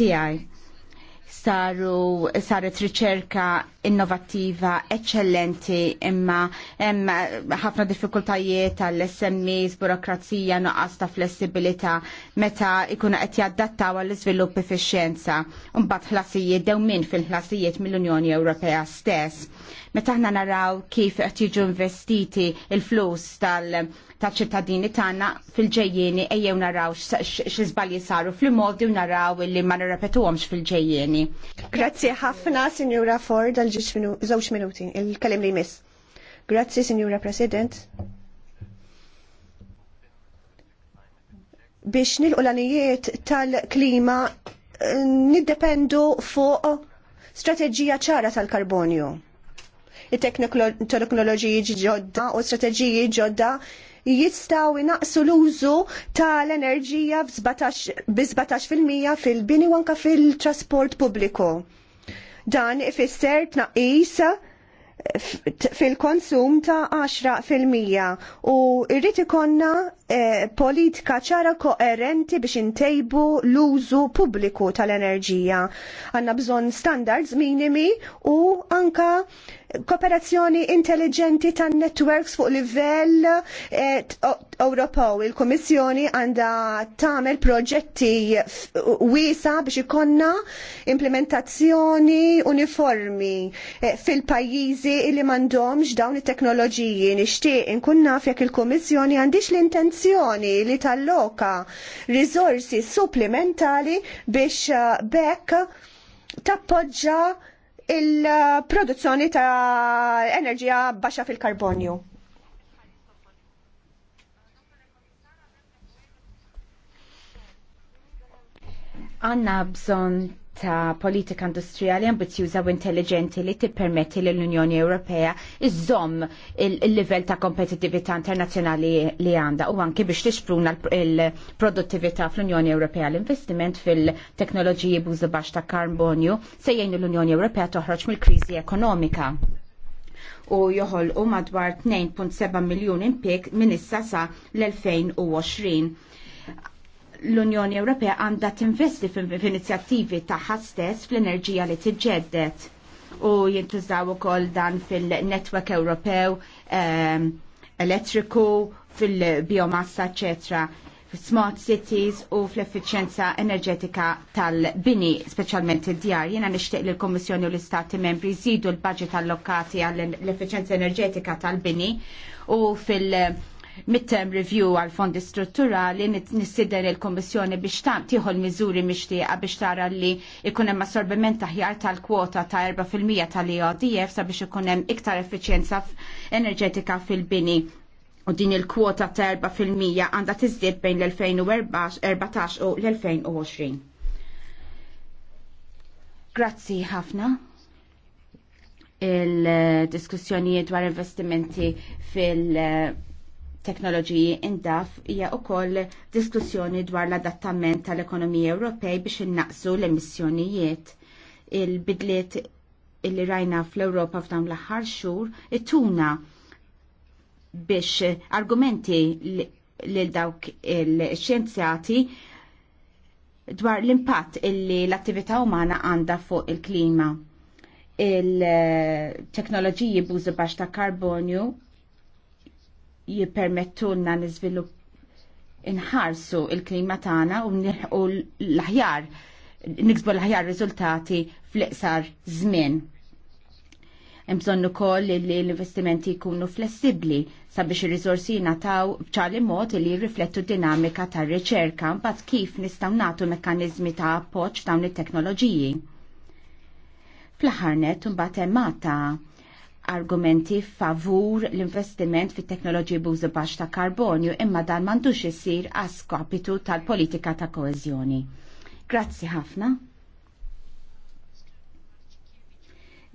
tiegħi saru saret riċerka innovattiva eccellenti imma hemm ħafna diffikultajiet għall smes burokrazija nuqqas ta' flessibilità meta jkunu qed jaddattaw għall iżvilupp fix u mbagħad ħlasijiet dew minn fil-ħlasijiet mill-Unjoni Ewropea stess. Meta aħna naraw kif qed jiġu investiti il-flus tal- ta' ċittadini tagħna fil-ġejjieni ejjew naraw x'iżbalji saru fl-modi u naraw li ma nirrepetuhomx fil-ġejjieni. Grazzi ħafna Sinjura Ford għal ġiex żewġ minuti, il-kelim li jmiss. Grazzi Sinjura President. Biex nilqulanijiet tal-klima niddependu fuq strateġija ċara tal-karbonju. Il-teknoloġiji ġodda u strateġiji ġodda jistaw inaqsu l-użu tal-enerġija bi 17% fil-bini mija fil u anka fil-trasport pubbliku. Dan ifisser tnaqis fil-konsum ta' 10% u irrit ikonna eh, politika ċara koerenti biex intejbu l-użu pubbliku tal-enerġija. Għanna bżon standards minimi u anka kooperazzjoni intelligenti tan networks fuq livell eh, Ewropew. Il-Kummissjoni għandha tagħmel proġetti wiesa biex ikonna implementazzjoni uniformi eh, fil-pajjiżi li m'għandhomx dawn it-teknoloġiji. Nixtieq inkun naf jekk il-Kummissjoni għandix l-intenzjoni li talloka risorsi supplementali biex eh, bekk tappoġġa il-produzzjoni ta' enerġija baxa fil-karbonju. Għanna bżon ta' politika industrijali ambizjuża u intelligenti li tippermetti lill unjoni Ewropea iżomm il-livell ta' kompetitività internazzjonali li għandha u anke biex tixpruna l-produttività fl-Unjoni Ewropea. L-investiment fil-teknoloġiji bużu baxx ta' karbonju se jgħinu l-Unjoni Ewropea toħroġ mill-kriżi ekonomika u joħolqu madwar 2.7 miljun impjeg minn issa sa l-2020 l-Unjoni Ewropea għandha tinvesti f'inizjattivi tagħha stess fl-enerġija li tiġġedded u jintużaw ukoll dan fil-netwerk Ewropew ehm, elettriku, fil-biomassa, eccetera smart cities u fl efficienza enerġetika tal-bini, specialment id-djar. Jena nishtiq li l-Kommissjoni u l-Istati membri zidu l-budget allokati għall efficienza enerġetika tal-bini u fil- mid-term review għal fondi strutturali nissider il-Kommissjoni biex tam tieħu l-miżuri mixtieqa biex tara li ikun hemm assorbiment taħjar tal-kwota ta' 4% tal-EODF sabiex ikun hemm iktar effiċjenza enerġetika fil-bini u din il-kwota ta' 4% għandha tiżdied bejn l-2014 u l-2020. Grazzi ħafna il-diskussjonijiet dwar investimenti fil- teknoloġiji indaf hija wkoll diskussjoni dwar l-adattament tal-ekonomija Ewropej biex innaqsu l-emissjonijiet. Il-bidliet illi rajna fl-Ewropa f'dawn l-aħħar xhur ituna biex argumenti lil dawk il-xjenzjati dwar l-impatt illi l-attività umana għandha fuq il-klima. Il-teknoloġiji bużu baxta ta' karbonju jipermettunna niżvilupp inħarsu il-klima tagħna u nirħu l-aħjar niksbu l-aħjar riżultati fl-iqsar żmien. Hemm bżonn ukoll li l-investimenti jkunu flessibbli sabiex ir-riżorsi jingħataw b'ċali mod li jirriflettu dinamika tar-riċerka mbagħad kif nistgħu nagħtu mekkaniżmi ta' appoġġ dawn it-teknoloġiji. Fl-aħħar net imbagħad hemm argumenti favur l-investiment fit teknoloġi bużu baxx ta' karbonju imma dan mandux isir għas kapitu tal-politika ta' koezjoni. Grazzi ħafna.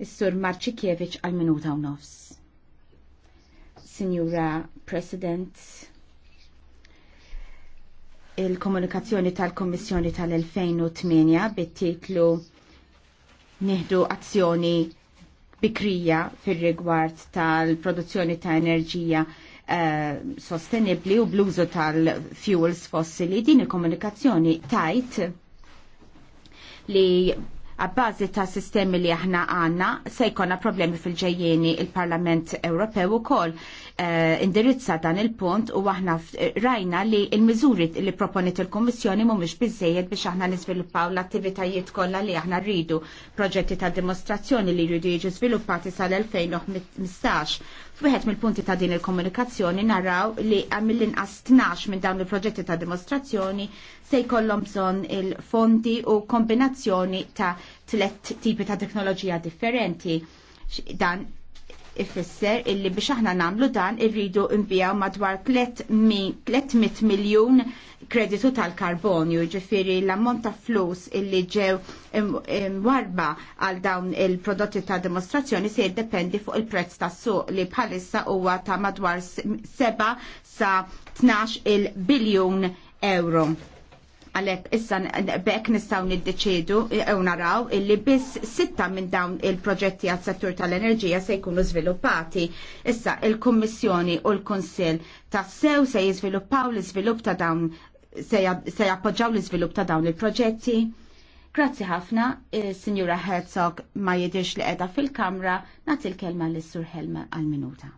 Is-Sur Marċikjeviċ għal minuta u nofs. Signora President, il-komunikazzjoni tal-Kommissjoni tal-2008 bit-titlu Nieħdu azzjoni bikrija fil-rigward tal-produzzjoni ta' enerġija eh, sostenibli u bluzu tal-fuels fossili. Din il-komunikazzjoni tajt li għabbażi ta' sistemi li aħna għanna se jkollna problemi fil-ġejjeni il-Parlament Ewropew ukoll uh, indirizza dan il-punt u aħna rajna li il-miżuri li proponit il-Kommissjoni mhumiex biżejjed biex aħna niżviluppaw l-attivitajiet kollha li aħna rridu proġetti ta' dimostrazzjoni li jridu jiġu żviluppati sal-2015 Fuħet mill-punti ta' din il-komunikazzjoni naraw li għamillin inqas 12 minn dawn il-proġetti ta' dimostrazzjoni se jkollhom bżonn il-fondi u kombinazzjoni ta' tlet tipi ta' teknoloġija differenti. Dan ifisser illi biex aħna namlu dan irridu imbijaw madwar 300 miljon kreditu tal-karbonju, ġifiri l-ammont ta' flus illi ġew warba għal dawn il-prodotti ta' dimostrazzjoni se jiddependi fuq il-prezz ta' suq li bħalissa huwa ta' madwar 7 sa' 12 il-biljun euro. Għalek issa bekk nistaw niddeċedu u naraw illi biss sitta minn dawn il-proġetti għas settur tal-enerġija se jkunu sviluppati. Issa il-Kummissjoni u l-Konsil sew se jizviluppaw l-izvilupp ta' dawn se jappoġġaw l-izvilupp ta' dawn il-proġetti. Grazzi ħafna, eh, sinjura Herzog ma jidhirx li edha fil-kamra, nagħti l-kelma l-Sur Helma għal-minuta.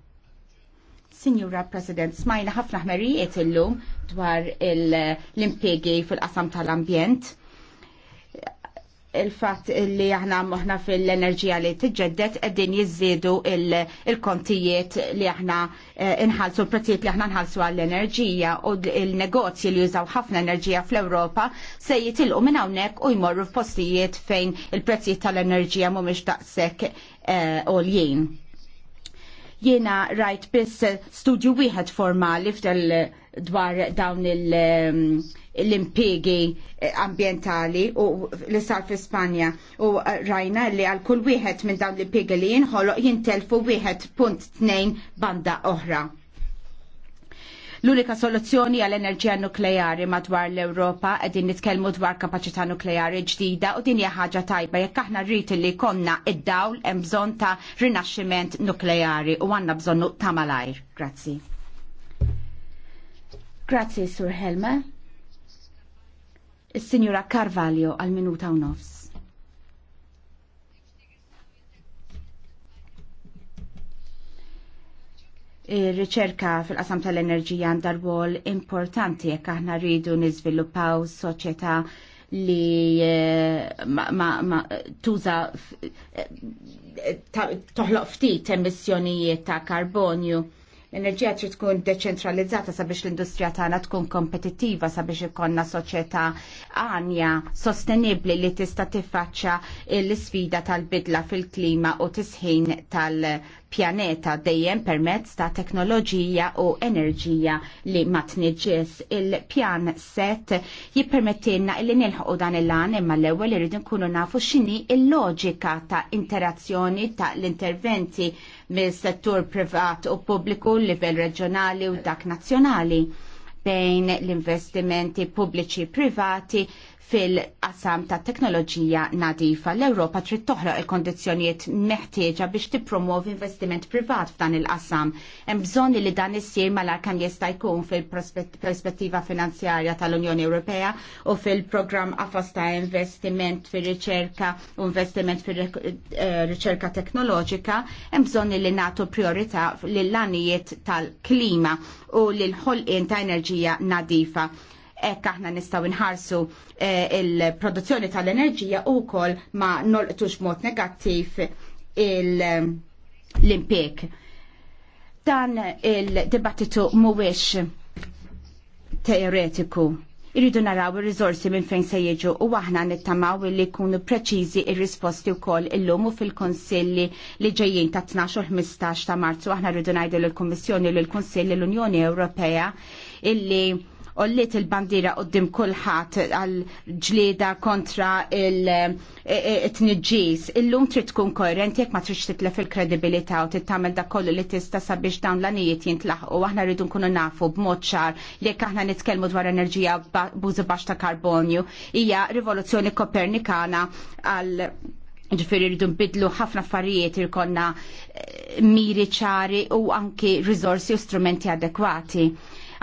Signora President, smajna ħafna ħmerijiet illum dwar l-impiegi fil-qasam tal-ambjent. Il-fat li aħna moħna fil-enerġija li t-ġeddet għeddin jizzidu il-kontijiet li aħna eh, inħalsu, l-prezzijiet li aħna nħalsu għall-enerġija u il-negozji li jużaw ħafna enerġija fl-Europa se jitilqu minn hawnhekk u jmorru f'postijiet fejn il-prezzijiet tal-enerġija mhumiex daqshekk u eh, l-jien Jiena rajt biss studju wieħed formali f'del dwar dawn um, l-impiegi eh, ambientali u li sar fi Spanja u eh, rajna li għal kull wieħed minn dawn l-impiegi li jinħoloq jintelfu wieħed punt tnejn banda oħra. L-unika soluzzjoni għall enerġija nukleari madwar l-Ewropa qegħdin nitkellmu dwar kapaċità nukleari ġdida u din hija ħaġa tajba jekk aħna rrit li konna id-dawl hemm bżonn ta' rinaxximent nukleari u għandna bżonnu ta' malajr. Grazzi. Grazzi, Sur Helme. Is-Sinjura Carvalho għal minuta u nofs. Ir-riċerka fil-qasam tal-enerġija rwol importanti jekk aħna rridu niżviluppaw soċjetà li eh, ma, tuża eh, toħloq ftit emissjonijiet ta' karbonju. L-enerġija trid tkun deċentralizzata sabiex l-industrija tagħna tkun kompetittiva sabiex ikonna soċjetà għanja sostenibbli li tista' tiffaċċja l-isfida tal-bidla fil-klima u tisħin tal- pjaneta dejjem permezz ta' teknoloġija u enerġija li ma tniġġis. Il-pjan set jippermettilna li nilħu dan il-lan imma l-ewwel irid nkunu nafu x'inhi il-loġika ta' interazzjoni ta' l-interventi mill-settur privat u pubbliku livell reġjonali u dak nazzjonali bejn l-investimenti pubbliċi privati fil-qasam ta' teknoloġija nadifa l-Ewropa trid toħloq il-kondizzjonijiet meħtieġa biex tippromuovi investiment privat f'dan il-qasam. Hemm bżonn li dan issir malar kan jista' jkun fil-prospettiva finanzjarja tal-Unjoni Ewropea u fil-programm qafas ta' investiment fir-riċerka u investiment fir-riċerka eh, teknoloġika, hemm bżonn li nagħtu priorità lill-għanijiet tal-klima u lil ħolqien ta' enerġija nadifa Ekk aħna nistgħu nħarsu eh, il-produzzjoni tal-enerġija u kol ma nolqtux mod negattiv eh, l-impek. Dan il-dibattitu mhuwiex teoretiku irridu naraw il-rizorsi minn fejn se jiġu u aħna nittamaw li jkunu preċiżi il risposti wkoll illum u fil-konsilli li ġejjin ta' 12 u 15 ta' Marzu aħna rridu ngħidu lill-Kummissjoni lill konsilli l-Unjoni Ewropea illi olliet il-bandira qoddim kulħadd għal ġlieda kontra il-tniġġis. E- e- e- Illum trid tkun koerenti jekk ma tridx titlef il-kredibilità u tittamel da kollu li tista' sabiex dawn l-anijiet jintlaħqu aħna rridu nkunu nafu b'mod ċar li jekk aħna nitkellmu dwar enerġija bużu baxx ta' karbonju hija rivoluzzjoni kopernikana għal ġifiri rridu nbidlu ħafna affarijiet irkonna eh, miri ċari u anki rizorsi u strumenti adekwati.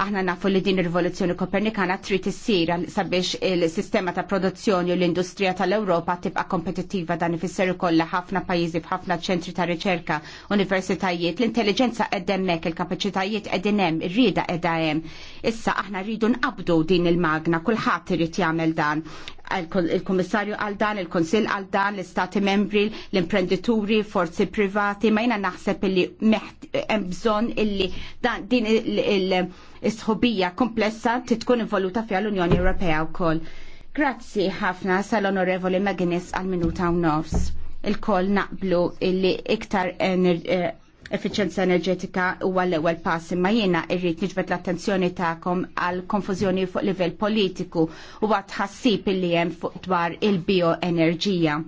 Aħna nafu li din ir-rivoluzzjoni Kopernikana trid issir sabiex il-sistema ta' produzzjoni u l-industrija tal-Ewropa tibqa' kompetittiva dan ifisser ukoll ħafna pajjiżi f'ħafna ċentri ta' riċerka, universitajiet, l-intelligenza qed hemmhekk, il-kapaċitajiet qegħdin hemm, ir-rieda qiegħda hemm. Issa aħna rridu nqabdu din il-magna, kulħadd irid jagħmel dan il-Komissarju għal dan, il-Konsil għal dan, l-Istati membri, l-imprenditori, forzi privati, ma jina naħseb illi hemm bżonn illi dan din il- Is-sħobija komplessa titkun involuta fiha l-Unjoni Ewropea wkoll. Grazzi ħafna sal-Onorevoli Maginis għal-minuta u nofs. Il-koll naqblu illi iktar eh, efficienza enerġetika huwa l-ewwel pass imma jiena irrit niġbed l-attenzjoni tagħkom għal konfużjoni fuq livell politiku u għat ħassib illi hemm fuq dwar il-bioenerġija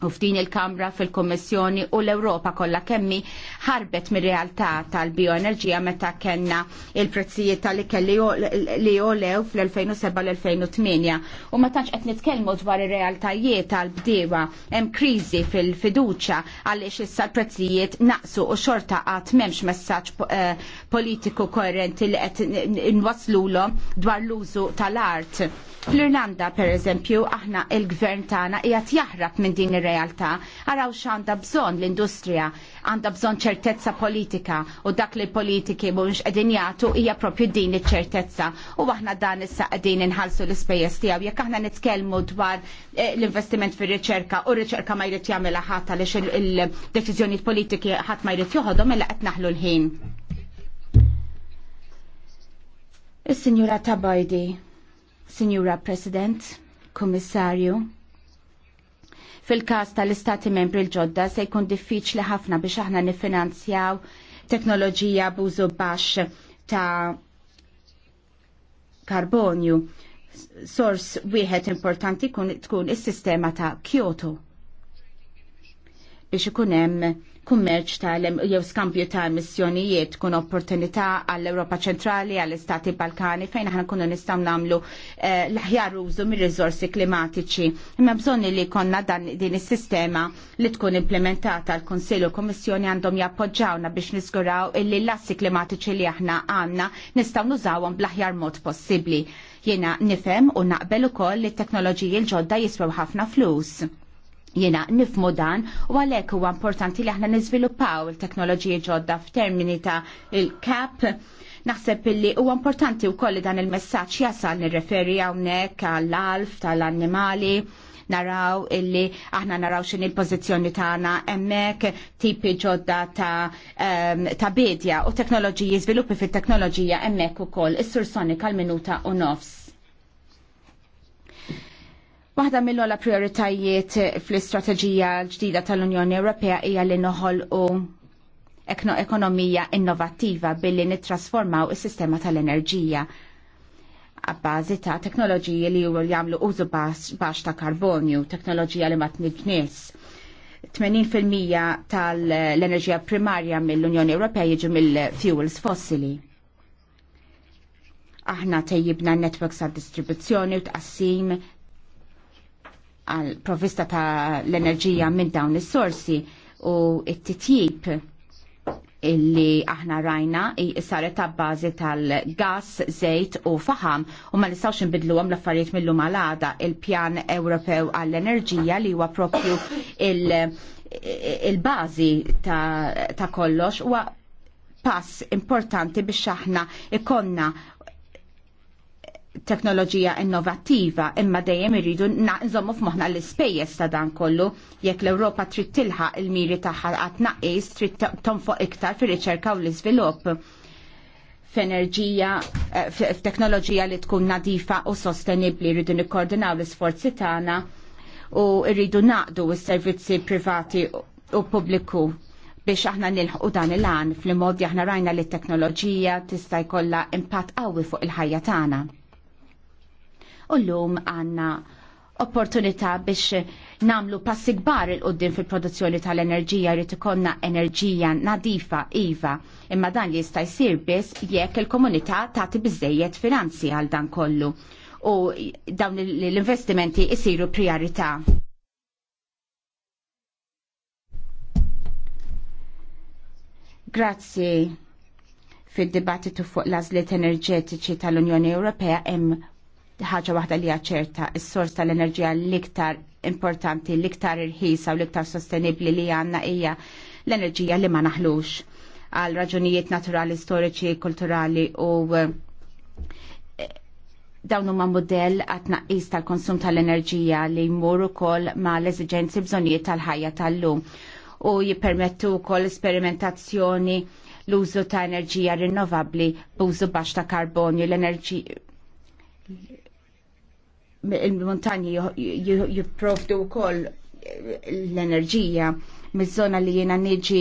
u f'din il-Kamra fil-Kommissjoni u l-Europa kollha kemmi ħarbet mir realtà tal-bioenerġija meta kellna il-prezzijiet tal-ikel li jolew fl-2007 l-2008 u ma tantx qed nitkellmu dwar ir-realtajiet tal-bdiewa hemm kriżi fil-fiduċja għaliex issa l-prezzijiet naqsu u xorta qatt m'hemmx messaġġ politiku koerenti li qed inwaslulhom dwar l-użu tal-art Fl-Irlanda, per eżempju, aħna il-gvern tagħna qiegħed jaħrab minn din ir-realtà. Araw x'għandha bżonn l-industrija, għandha bżonn ċertezza politika u dak li politiki mhux qegħdin jagħtu hija proprju din iċ-ċertezza. U aħna dan issa qegħdin inħallsu l-ispejjeż tiegħu jekk aħna nitkellmu dwar eh, l-investiment fir-riċerka u r-riċerka ma jrid jagħmilha ħadd għaliex il-deċiżjonijiet politiki ħadd ma jrid joħodhom illa qed naħlu l-ħin. Is-Sinjura Tabajdi. Signora President, Kommissarju, fil-kas tal-Istati membri l-ġodda se jkun diffiċli ħafna biex aħna nifinanzjaw teknoloġija bużu baxx ta' karbonju. Sors wieħed importanti tkun is-sistema ta' Kyoto biex ikun hemm kummerċ tal jew skampju ta' missjonijiet kun opportunità għall europa ċentrali, għall istati Balkani fejn aħna kunu nistgħu nagħmlu eh, l-aħjar użu mir rizorsi klimatiċi. Imma bżonn li konna dan din is-sistema li tkun implementata l kunsill u Kummissjoni għandhom jappoġġawna biex niskuraw illi l-assi klimatiċi li aħna għandna nistgħu nużawhom bl-aħjar mod possibbli. Jiena nifhem u naqbel ukoll li t teknoloġiji l-ġodda jiswew ħafna flus Jena nifmu dan u għalek huwa importanti li aħna niżviluppaw il-teknoloġiji ġodda f'termini ta' il-CAP. Naħseb illi huwa importanti wkoll li dan il-messaġġ jasal nirreferi hawnhekk għall-alf tal-annimali naraw illi aħna naraw xin il-pozizjoni tagħna hemmhekk tipi ġodda ta' um, ta' bidja u teknoloġiji żviluppi fit-teknoloġija hemmhekk ukoll is-sur Sonic għal minuta u nofs. Waħda mill-ola prioritajiet fl-istrateġija l-ġdida tal-Unjoni Ewropea hija li noħol u ekonomija innovattiva billi nittrasformaw is-sistema tal-enerġija għabbażi ta' teknoloġiji li juru jagħmlu użu baxx ta' karbonju, teknoloġija li ma tnibnis. 80% tal-enerġija primarja mill-Unjoni Ewropea jiġu mill-fuels fossili aħna tejjibna n networks tad distribuzzjoni u tqassim għal provista ta' l-enerġija minn dawn is-sorsi u it-titjib illi aħna rajna saret ta' bażi tal-gas, zejt u faħam u ma nistawx nbidlu għam l-affarijiet mill-lum għada il-pjan Ewropew għall-enerġija li huwa propju il-bażi ta', kollox huwa pass importanti biex aħna ikonna teknoloġija innovattiva imma dejjem irridu naqżomu f'moħħna l-ispejjeż ta' dan kollu jekk l-Ewropa trid tilħaq il-miri tagħha qatt naqis trid tonfoq iktar fir-riċerka u l-iżvilupp f'enerġija eh, f'teknoloġija li tkun nadifa u sostenibbli rridu nikkoordinaw l-isforzi tagħna u rridu naqdu s-servizzi privati u pubbliku biex aħna nilħu dan il-għan fl li aħna rajna li t-teknoloġija tista' jkollha impatt qawwi fuq il-ħajja tagħna u l-lum għanna opportunità biex namlu passi gbar il-qoddim fil-produzzjoni tal-enerġija rrit ikonna enerġija nadifa iva imma dan li jista' jsir biss jekk il-komunità tagħti biżejjed finanzi għal dan kollu u dawn l-investimenti jisiru priorità. Grazzi fid-dibattitu fuq l-azliet enerġetiċi tal-Unjoni Ewropea hemm ħaġa waħda li ċerta is-sors tal-enerġija l-iktar importanti, l-iktar irħisa u l-iktar sostenibli li għanna hija l-enerġija li ma naħlux għal raġunijiet naturali, storiċi, kulturali u eh, dawn huma modell għat naqis tal-konsum tal-enerġija li jmur ukoll ma l-eżigenzi bżonijiet tal-ħajja tal-lum u jippermettu wkoll sperimentazzjoni l-użu ta' enerġija rinnovabbli b'użu baxx ta' karbonju l-enerġija il-montanji jipprovdu wkoll l-enerġija miż-żona li jiena niġi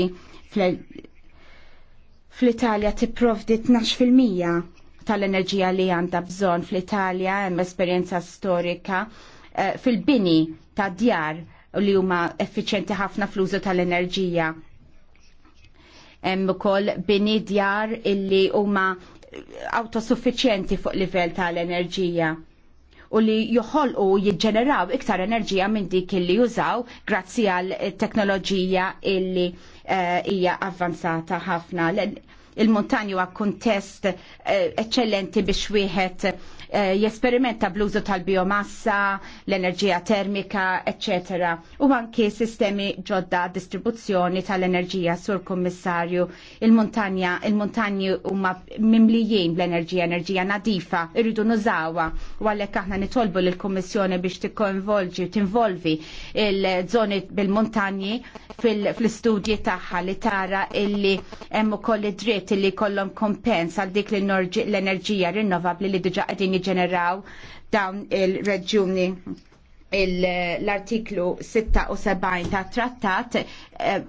fl-Italja tipprovdi 12% tal-enerġija li għandha bżonn fl-Italja hemm esperjenza storika eh, fil-bini ta' djar li huma effiċenti ħafna fl-użu tal-enerġija. Hemm ukoll bini djar illi huma autosuffiċjenti fuq livell tal-enerġija u li joħol u jiġġeneraw iktar enerġija minn dik li jużaw grazzi għal teknoloġija illi eh, hija uh, avvanzata ħafna. il montanju għak kuntest uh, eh, eccellenti biex wieħed Eh, jesperimenta bl-użu tal-biomassa, l-enerġija termika, ecc. U anki sistemi ġodda distribuzzjoni tal-enerġija sur Kommissarju, Il-montanja, il-montanji huma mimlijin bl-enerġija, enerġija nadifa, irridu nużawa. U għallek aħna nitolbu l-Kommissjoni biex tikkonvolġi, tinvolvi il-żoni bil-montanji fil-studji tagħha li tara illi hemm ukoll id-dritt illi jkollhom kompens għal dik l-enerġija rinnovabbli li diġa qegħdin jiġġeneraw dawn il-reġjuni l-artiklu 76 ta' trattat eh,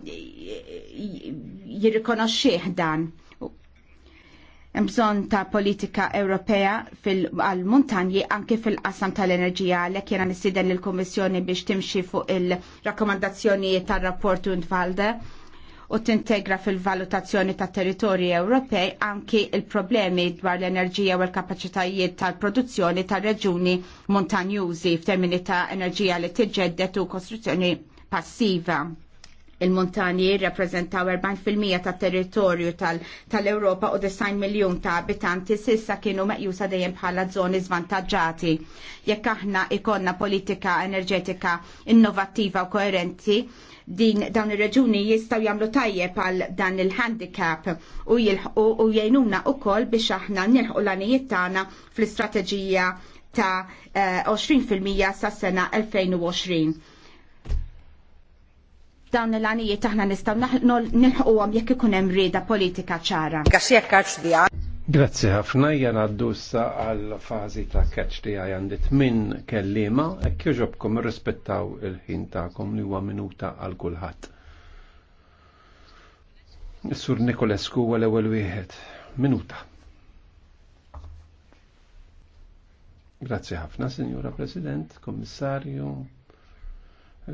jirrikonoxxih dan mżon ta' politika Ewropea fil-muntanji anke fil-qasam tal-enerġija l jena nisiden l-Komissjoni biex timxi fuq il-rakkomandazzjoni tal-rapport Undvalde u tintegra fil-valutazzjoni ta' territorji Ewropej anki il-problemi dwar l-enerġija u l-kapacitajiet tal-produzzjoni ta' reġuni montanjużi f'termini ta' enerġija li tiġġeddet u kostruzzjoni passiva. Il-montani rappresentaw 40% ta' territorju tal-Europa u 90 miljon ta' abitanti sissa kienu meqjusa dejjem bħala zoni zvantagġati. Jekk aħna ikonna politika enerġetika innovativa u koerenti, din dawn ir-reġuni jistgħu jagħmlu tajjeb għal dan il-handicap u jilħqu u jgħinuna wkoll biex aħna nilħqu l-għanijiet tagħna fl-istrateġija ta' 20% eh, sas sena 2020. Dawn l-għanijiet aħna nistgħu nilħquhom jekk ikun hemm rieda politika ċara. Grazzi ħafna jgħan għaddussa għal fazi ta' catch li għandit minn kellima, e kjoġobkom rispettaw il-ħin ta'kom li huwa minuta għal kulħadd. Sur Nikolesku għal ewwel wieħed. Minuta. Grazzi ħafna, Sinjura President, Kommissarju,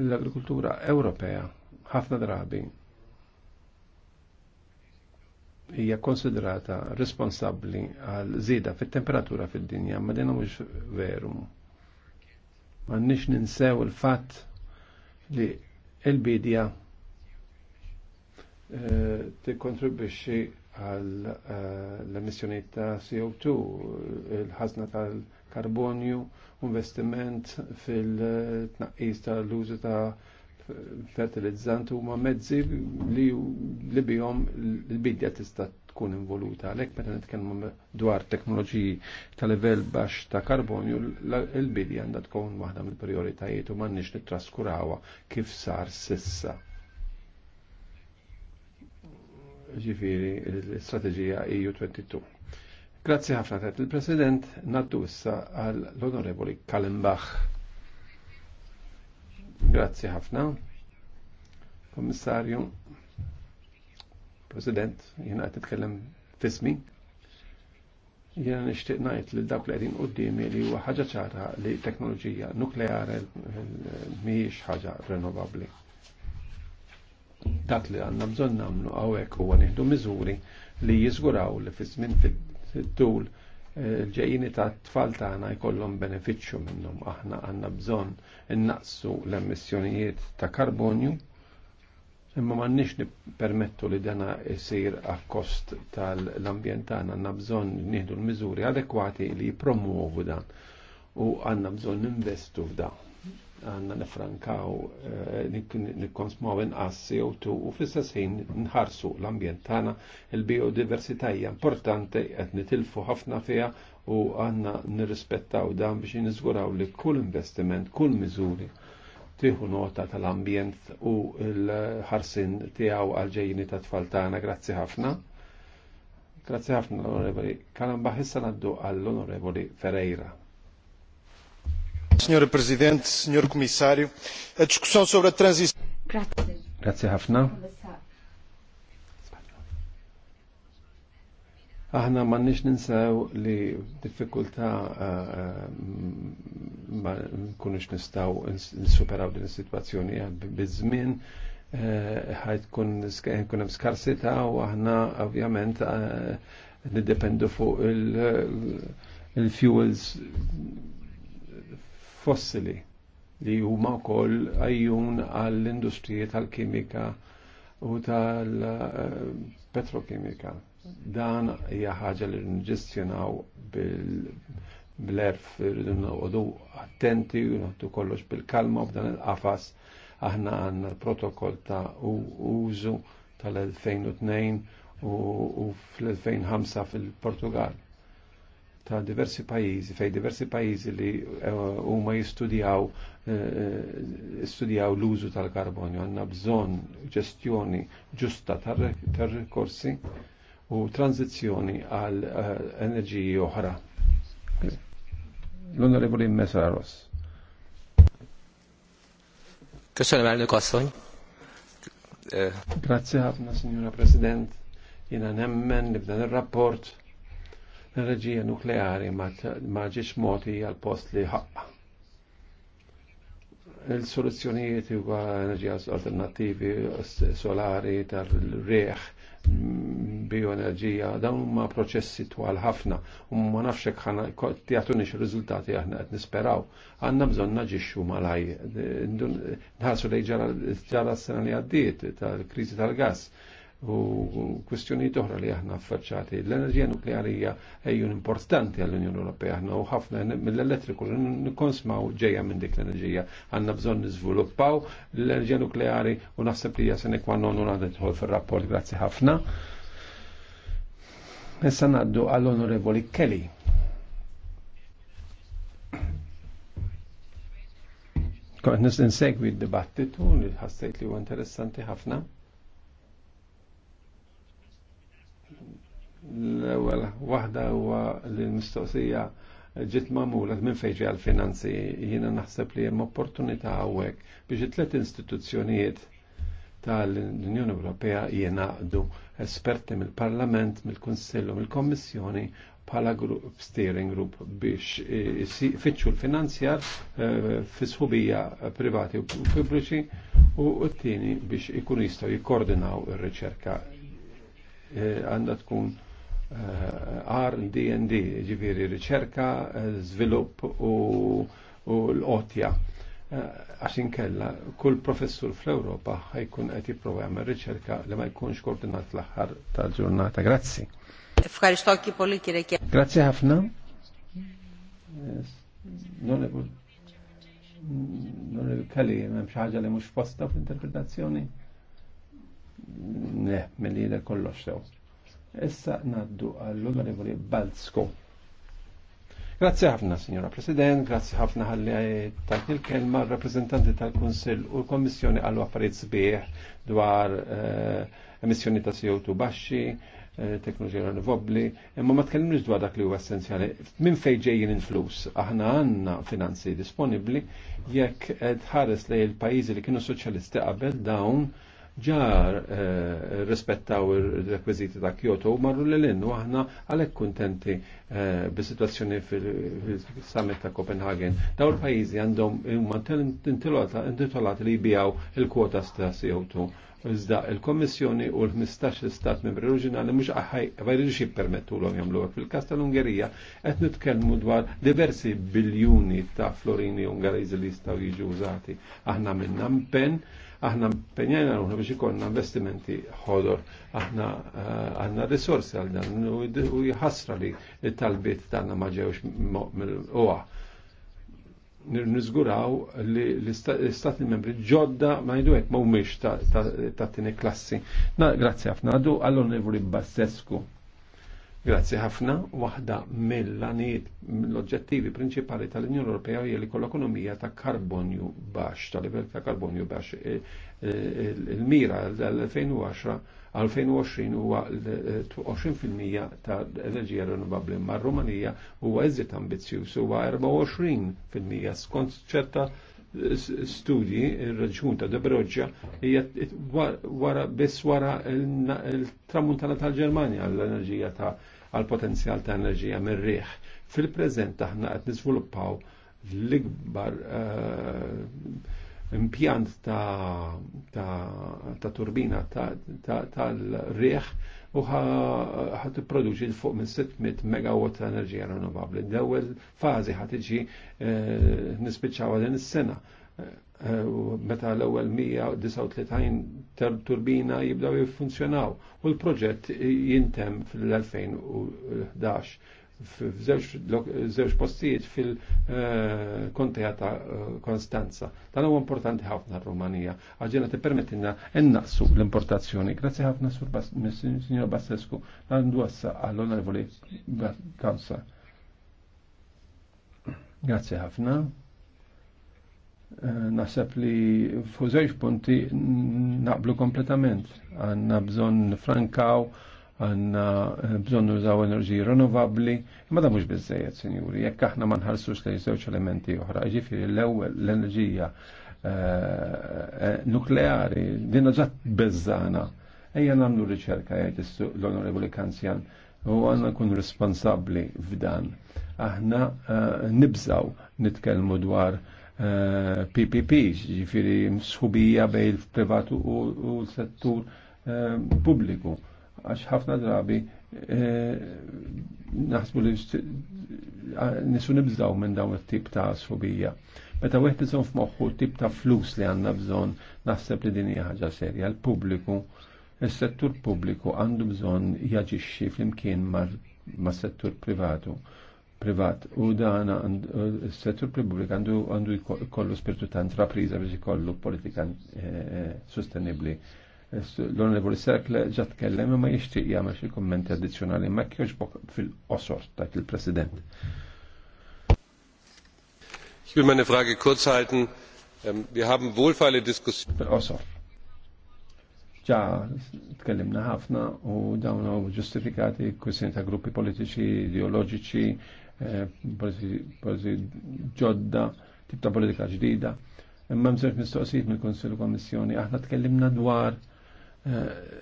l-Agrikultura Ewropea, ħafna drabi hija konsiderata responsabbli għal zida fit-temperatura fid-dinja, ma din mhux veru. M'għandniex ninsew il-fatt li l-bidja eh, tikkontribwixxi għal eh, l-emissjonijiet ta' CO2, il-ħażna tal-karbonju, investiment fil-tnaqqis tal-użu ta' fertilizzant huma mezzi li li bihom l-bidja tista' tkun involuta. Għalhekk meta nitkellmu dwar teknoloġiji ta' livell baxx ta' karbonju, l-bidja għandha tkun waħda mill-prijoritajiet u m'għandniex nittraskurawha kif sar sissa. Ġifieri l-istrateġija EU 22. Grazzi ħafna il-President, naddu issa għall-Onorevoli Kallenbach. Grazzi ħafna. Kommissarju, President, jena għed titkellem fismi. Jena nishtiq najt li dawk li għedin qoddimi li huwa ħaġa ċara li teknoloġija nukleare mhijiex ħaġa renovabbli. Dak li għandna bżonn nagħmlu hawnhekk huwa nieħdu miżuri li jiżguraw li fi żmien fit-tul ġejjini ta' tfal tagħna jkollhom benefiċċju minnhom aħna għandna bżonn innaqsu l-emissjonijiet ta' karbonju imma m'għandniex nippermettu li dana jsir kost tal-ambjent tagħna għandna bżonn nieħdu l-miżuri adekwati li jippromuovu dan u għandna bżonn ninvestu f'dan għanna nifrankaw eh, nikkonsmaw inqas CO2 u fl-istess ħin nħarsu l-ambjent tagħna il-biodiversità hija importanti qed nitilfu ħafna fiha u għanna nirrispettaw dan biex niżguraw li kull investiment, kull miżuri tieħu nota tal-ambjent u l-ħarsin tiegħu għal-ġejjini ta' tfal tagħna. Grazzi ħafna. Grazzi ħafna l-Onorevoli. Kalan baħissa naddu għall-Onorevoli Ferreira. Signora Presidente, Signor Commissario, a discussão sobre a transição. Grazie. Grazie ħafna. Aħna m'għandniex ninsaw li diffikulta eh, eh, ma nkunux nistaw nsuperaw din situazzjoni bizmin ħajt żmien eh, skarsita u aħna ovvjament nidependu fuq il-fuels fossili li huma wkoll għajjun għall-industrija tal-kimika u tal-petrokimika. Dan hija ħaġa li nġestjonaw bil-erf irridu attenti u kollox bil-kalma u b'dan il-qafas aħna għandna l-protokoll ta' użu tal-2002 u fl-2005 fil-Portugal ta' diversi pajjiżi, fej diversi pajjiżi li eh, huma uh, jistudjaw eh, studjaw l-użu tal-karbonju, għanna bżon ġestjoni ġusta tal rekorsi u tranzizjoni għal eh, enerġiji oħra. L-Onorevoli Messaros. Köszönöm, elnök asszony. Grazie ħafna, signora President. Jena nemmen nibda b'dan rapport l-enerġija nukleari ma ġiex moti għal post li ħaqqa. Il-soluzzjonijiet huwa enerġija alternattivi solari tal-reħ bioenerġija, dawn huma proċessi twal ħafna u ma nafx hekk ħana ir-riżultati aħna qed nisperaw. Għandna bżonn naġixxu malaj. Nħarsu lejn ġara s-sena li għaddiet tal-kriżi tal-gass u kwestjoni toħra li aħna affaċċati. L-enerġija nukleari hija importanti għall-Unjoni Ewropea aħna u ħafna mill-elettriku nikkonsmaw ġejja minn dik l-enerġija. Għandna bżonn niżviluppaw l-enerġija nukleari u naħseb li hija se nekwa non għandha tħol fir-rapport. Grazzi ħafna. Issa ngħaddu għall-Onorevoli Kelly. Kont nis insegwi d-dibattitu li ħassejt li huwa interessanti ħafna. L-ewwel waħda huwa l-mistoqsija ġiet magħmula minn fejn ġej għall-finanzi jiena naħseb li hemm opportunità hawnhekk biex it-tliet istituzzjonijiet tal-Unjoni Ewropea jingħaqdu esperti mill-Parlament, mill-Kunsill u mill-Kommissjoni bħala steering group biex eh, fitxu l-finanzjar eh, fi sħubija privati u pubbliċi u t-tieni biex ikunu jistgħu jikkoordinaw ir-riċerka eh, għandha tkun Eh, D, ġifiri riċerka, eh, zvilupp u l-qotja. Eh, Għaxin kella, kull professur fl-Europa ħajkun għet jiprofa jgħamil riċerka li ma jkunx koordinat l ħar tal-ġurnata. Grazzi. Fkaristokki politi kirek. Grazzi ħafna. Non è kalli, memx ħagġa li mux posta fl-interpretazzjoni. Ne, mill-li kollox sew. Issa naddu għall-Onorevoli Balzko. Grazie ħafna, Signora President, grazie ħafna ħalli tajt il-kelma rappresentanti tal-Konsil u l-Kommissjoni għallu għaffariet sbieħ dwar eh, emissjoni ta' CO2 baxxi, eh, teknoloġija rinnovabbli, imma ma tkellimniex dwar dak li huwa essenzjali. Minn fejn ġejjin il-flus? Aħna għandna finanzi disponibbli jekk tħares li il-pajjiżi li kienu soċjalisti qabel dawn ġar eh, rispettaw il-rekwiziti ta' Kyoto u marru l-lin u aħna għalek kontenti eh, bis-situazzjoni fil-summit ta' Copenhagen. Daw il-pajizi għandhom intitolat li jbijaw il-kwota ta' CO2. Iżda il-Kommissjoni u l-15 stat membri oriġinali mhux aħħaj għajridux jippermettu l-om jamlu Fil-kas tal-Ungerija qed nitkellmu dwar diversi biljuni ta' florini Ungeriżi li jistgħu jiġu użati. Aħna minn mpen Aħna penjajna nuħna biex ikonna investimenti ħodor, aħna eh, għanna risorsi għal dan u jħasra li l-talbiet tagħna ma mill-oqa. Nizguraw li l-istati membri ġodda ma għek hekk mhumiex ta' tini klassi. Grazie għafna, għadu għall-Onorevoli Bassescu. Grazzi ħafna, waħda mill-għaniet, mill-oġġettivi prinċipali tal-Unjoni Ewropea hija li kollha ekonomija ta' karbonju baxx, ta' livell ta' karbonju baxx. E, e, il-mira l-2010 għal-2020 huwa 20% ta' enerġija rinnovabbli, ma' Rumanija huwa eżiet ambizzjuż huwa 24% skont ċerta studji il-reġun ta' Debroġġa hija wara biss wara il-tramuntana tal-Ġermanja l-enerġija ta' għal potenzjal ta' enerġija mir-riħ. Fil-preżent aħna qed niżviluppaw l-ikbar eh, impjant ta', ta, ta turbina tal-riħ u ħat produċi fuq minn 600 megawatt ta' enerġija rinnovabli. L-ewwel fażi ħat iġi eh, nispiċċaw għal is-sena Eh, meta l-ewwel 139 turbina jibdaw jiffunzjonaw u l-proġett jintem fil-2011 f'żewġ postijiet fil eh, kontea ta' eh, Konstanza. Dan huwa importanti ħafna r-Rumanija. Għaġena tippermettilna innaqsu l-importazzjoni. Grazzi ħafna sur Signor Bassescu. Għandu għassa għall-onorevoli Kansa. Grazzi ħafna. Eh, naħseb li fużewx punti naqblu kompletament. Għanna bżon frankaw, għanna eh, bżon nużaw enerġiji rinnovabli, imma da mhux biżejjed, sinjuri, jekk aħna ma nħarsux li żewġ elementi oħra, ġifieri l-ewwel l-enerġija eh, nukleari, dinna ġat bezzana. Ejja nagħmlu riċerka jgħid l-Onorevoli Kanzjan u għanna kun responsabli f'dan. Aħna nibżaw nitkellmu dwar PPP, eh, ġifiri msħubija bej il-privatu u l-settur eh, publiku. Għax ħafna drabi eh, naħsbu li nisu nibżaw minn dawn it-tip ta' sħubija. Meta wieħed iżomm f'moħħu tip ta' flus li għandna bżonn, naħseb li din hija ħaġa serja. l publiku is-settur publiku għandu bżonn jaġixxi flimkien mas-settur privatu privat u dan s-settur pubblika għandu għandu kollu spiritu ta' intrapriza biex ikollu politika eh, eh, sostenibli. L-Onorevoli Serkle ġat kellem ma jixtieq jagħmel xi kommenti addizzjonali ma kienx fil-qosor ta' il-President. Ich will meine Frage kurz halten. Ähm, wir haben wohlfeile Diskussionen. Ġa, tkellimna ħafna u dawna u ġustifikati kwissjoni ta' gruppi politiċi, ideologiċi, Eh, policy ġodda, tip ta' politika ġdida. Imma mżewġ mistoqsijiet mill-Konsil u Kommissjoni, aħna tkellimna dwar eh,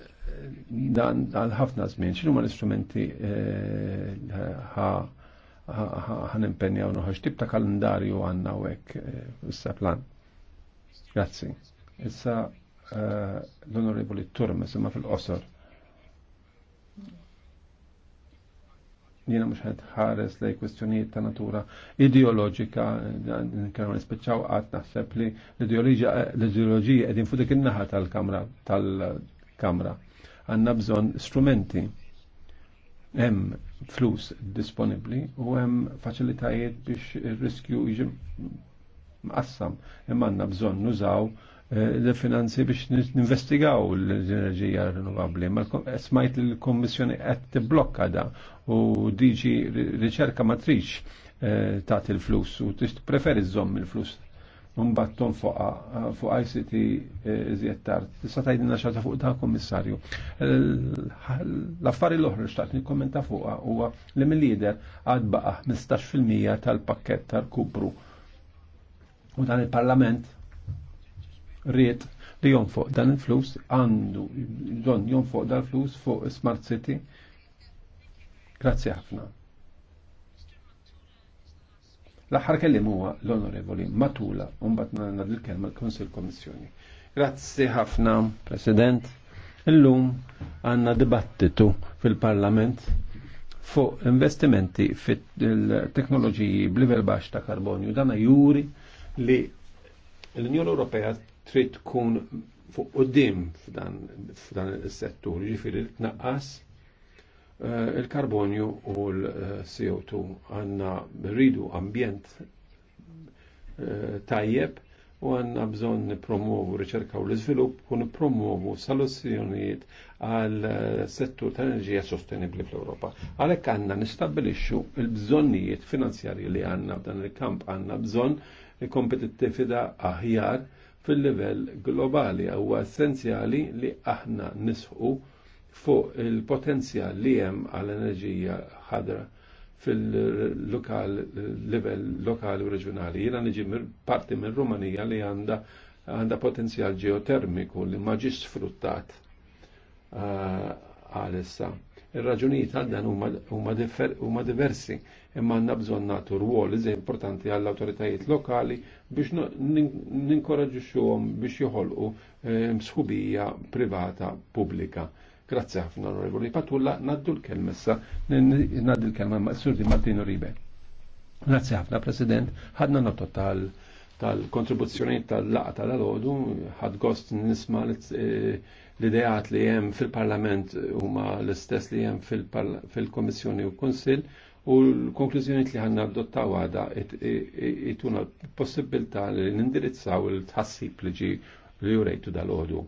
dan għal ħafna żmien, x'inhuma l-istrumenti eh, ħan impenjaw nuħax tip ta' kalendarju għandna u hekk issa plan. Grazzi. Issa l-Onorevoli Turmes imma fil-qosor. jiena mhux qed ħares lej kwestjonijiet ta' natura ideoloġika kemm nispiċċaw qatt naħseb li l-ideoloġija qegħdin fudik in-naħa tal-kamra tal-kamra. Għandna bżonn strumenti hemm flus disponibbli u hemm faċilitajiet biex ir-riskju jiġi mqassam imma għandna bżonn nużaw Eh, l-finanzi biex ninvestigaw l-enerġija rinnovabli. Ma eh, smajt li l-Kommissjoni qed tibblokka da u diġi riċerka matriċ eh, ta' il-flus u preferi żomm il-flus Mbatton fuq ICT iżjed tard. Tista' tgħidilna xagħta fuq ta' Kommissarju. L-affari l-oħra xtaqt nikkommenta fuqha huwa li mill-lider għad baqa' 15% tal-pakkett tal-kubru. U dan il-Parlament riet li jonfoq dan il-flus għandu bżonn jonfoq dan il-flus fuq Smart City. Grazzi ħafna. L-aħħar kellim huwa l-Onorevoli Matula u mbagħad nagħdu l-kelma l-Kunsil Kommissjoni. Grazzi ħafna, President. Illum għandna dibattitu fil-Parlament fuq investimenti fit-teknoloġiji b'livel baxx ta' karbonju. Dana juri li l-Unjoni Ewropea trid tkun fuq qudiem f'dan is-settur, jiġifieri tnaqqas eh, il-karbonju u l-CO2 għanna rridu ambjent eh, tajjeb u għanna bżon nipromovu riċerka u l-izvilupp u nipromovu soluzzjonijiet għal eh, settur ta' enerġija sostenibli fl-Europa. Għalek għanna nistabilixxu il-bżonnijiet finanzjarji li għanna f'dan il-kamp għanna bżon kompetittività aħjar fil-livell globali huwa essenzjali li aħna nisħu fuq il-potenzjal li hemm għall enerġija ħadra fil-lokal livell lokali u reġjonali. Jiena niġi parti minn Rumanija li għandha għandha potenzjal ġeotermiku li ma ġiex sfruttat ah, għalissa. Uh, Ir-raġunijiet għal dan huma diversi, imma għandna bżonn nagħtu rwol iżej importanti għall awtoritajiet lokali biex ninkoraġixxuhom biex joħolqu msħubija ehm, privata pubblika. Grazzi ħafna onorevoli Patulla, naddu l-kelma issa, naddu l-kelma ma' Surdi Martino Ribe. Grazzi ħafna President, ħadna noto tal tal-kontribuzzjoni tal laqta tal-għodu, ħad gost nisma eh, l ideat li jem fil-parlament huma l-istess li jem fil-komissjoni u konsil u l-konklużjoni li ħanna adottaw għada jituna possibilta li nindirizzaw il-tħassib li ġi li jurejtu dal-ħodu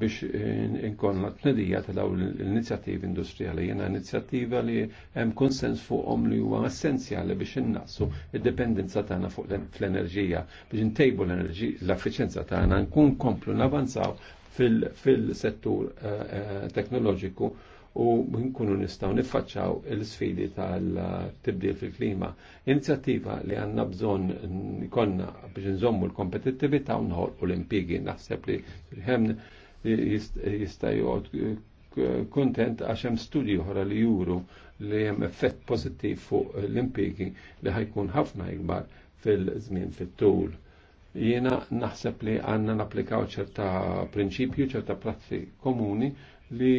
biex inkonna t-nedija ta' daw l-inizjattivi industrijali. Jena inizjattiva li hemm konsens fuqhom li huwa essenzjali biex innaqsu id-dependenza tagħna fuq l-enerġija, biex intejbu l-effiċenza tagħna nkun komplu navanzaw fil-settur eh, eh, teknoloġiku u nkunu nistaw nifacċaw il-sfidi tal-tibdil fil-klima. Inizjattiva li għanna bżon konna biex nżommu l unħor u nħolqu l-impigi. Naħseb li hemm jista' jgħod kontent għax hemm studji oħra li juru li hemm effett pozittiv fuq l-impigi li ħajkun ħafna ikbar fil-żmien fit-tul Jiena naħseb li għanna naplikaw ċerta prinċipju, ċerta prassi komuni li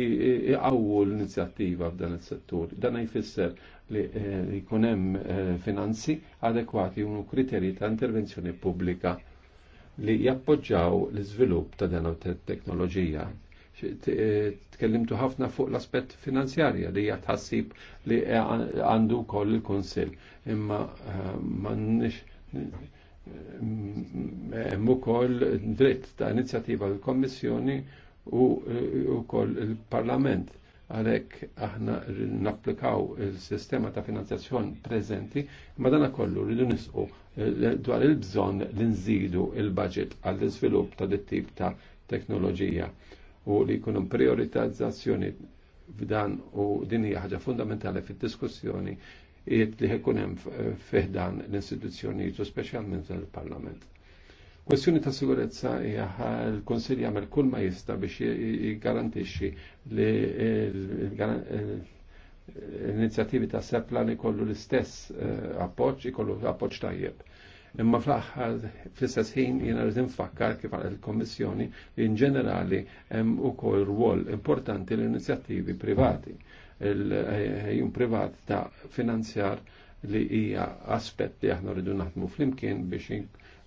iqawwu l-inizjattiva f'dan is-settur. Dan jfisser li eh, jkun hemm eh, finanzi adekwati u kriterji ta' intervenzjoni pubblika li jappoġġaw l-iżvilupp ta' dan teknoloġija. Eh, tkellimtu ħafna fuq l-aspett finanzjarja li hija tħassib li għandu koll il-Kunsill. Imma m'għandniex hemm ukoll dritt ta' inizjattiva l-Kommissjoni u wkoll eh, il-Parlament għalhekk aħna napplikaw il-sistema ta' finanzjazzjoni preżenti, ma dana kollu rridu nisqu eh, dwar il-bżonn li nżidu il-budget għall-iżvilupp ta' dit-tip ta' teknoloġija u li jkunu prioritizzazzjoni f'dan u din hija ħaġa fundamentali fid-diskussjoni li ħekunem fiħdan l-istituzzjonijiet jitu speċjalment il-Parlament. Kwestjoni ta' sigurezza hija l-Konsil jagħmel kull ma jista' biex jiggarantixxi li l inizjativi ta' Seplan ikollu l-istess eh, appoġġ, ikollu appoġġ tajjeb. Imma fl-aħħar fl-istess ħin jiena rrid infakkar kif għal il-Kommissjoni li in ġenerali hemm ukoll rwol importanti l-inizjattivi privati il ħajjum privat ta' finanzjar li hija aspett li aħna rridu naħdmu flimkien biex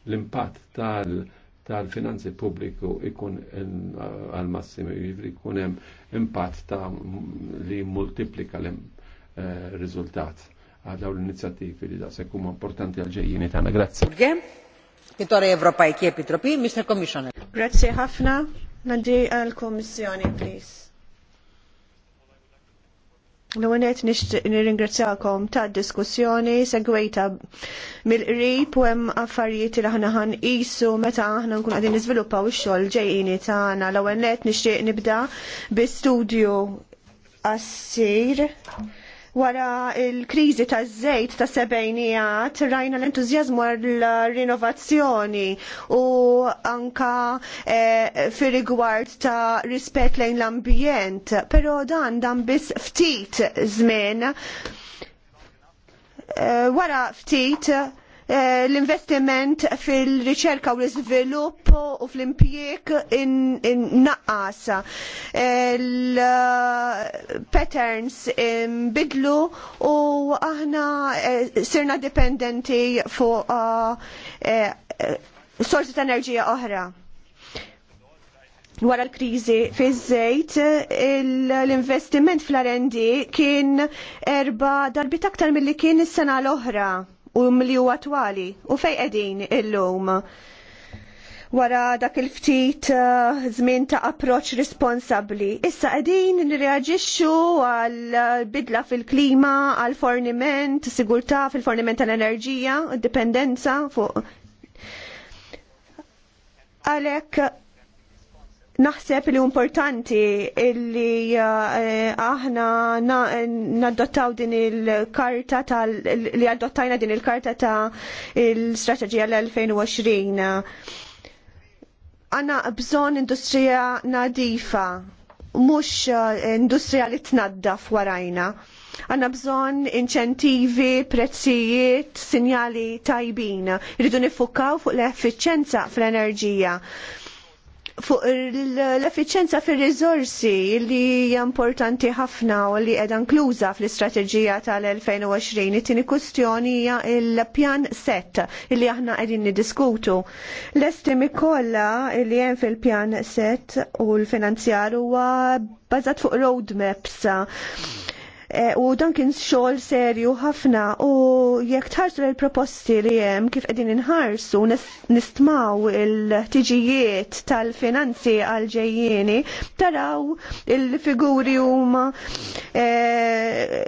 l-impatt tal- tal-finanzi pubbliku ikun għal-massimu, jivri ikun hemm impatt ta' li multiplika l eh, rizultat għal dawn l-inizjattivi li da' sekkum importanti għal-ġejjini tagħna. Grazzi. Kittori Ewropajki e Tropi, Mr. Commissioner. Grazie ħafna. Nadi għal-Kommissjoni, please l għunet nir-ingrazzjakom ta' diskussjoni segwejta mill-qrib u hemm affarijiet li aħna ħan isu meta aħna nkun għadin niżviluppaw ix-xogħol ġejjini tagħna. l għunet nixtieq nibda bi studju għassir Wara il-krizi ta' żejt ta' sebejnijat rajna l-entuzjazmu għal-rinnovazzjoni u anka e, eh, fir rigward ta' rispett lejn l-ambjent, però dan dan biss ftit żmien. Eh, wara ftit Eh, l-investiment fil-riċerka u l-iżvilupp u fl-impjieg innaqqas. Il-patterns eh, eh, bidlu u aħna sirna dipendenti fuq sorsi ta' enerġija oħra wara l-krizi fiż-żejt l-investiment fl-R&D kien erba darbit aktar milli kien is-sena l-oħra u mliju huwa twali u fej qegħdin illum wara dak il-ftit eh, żmien ta' approċ responsabbli. Issa qegħdin nirreaġixxu għal bidla fil-klima, għal forniment, sigurtà fil-forniment tal-enerġija, dipendenza fuq għalhekk Naħseb li importanti li uh, eh, aħna naddottaw din il-karta li għaddottajna din il-karta ta' il-strategija l-2020. Għanna bżon industrija nadifa, mux eh, industrija li t-naddaf warajna. Għanna bżon inċentivi, prezzijiet, sinjali tajbin. Rridu nifukaw fuq l efficienza fl-enerġija fuq l-effiċenza fir rizorsi li hija importanti ħafna u li qiegħda kluza fl-istrateġija tal-2020. It-tieni kwistjoni hija l-pjan set li aħna qegħdin niddiskutu. L-estimi kollha li hemm fil-pjan set u l-finanzjar huwa bażat fuq roadmaps Eh, u dan kien xogħol serju ħafna u jekk tħarsu l-proposti li hemm kif qegħdin inħarsu nistmaw il-tiġijiet tal-finanzi għal ġejjieni taraw il-figuri huma eh,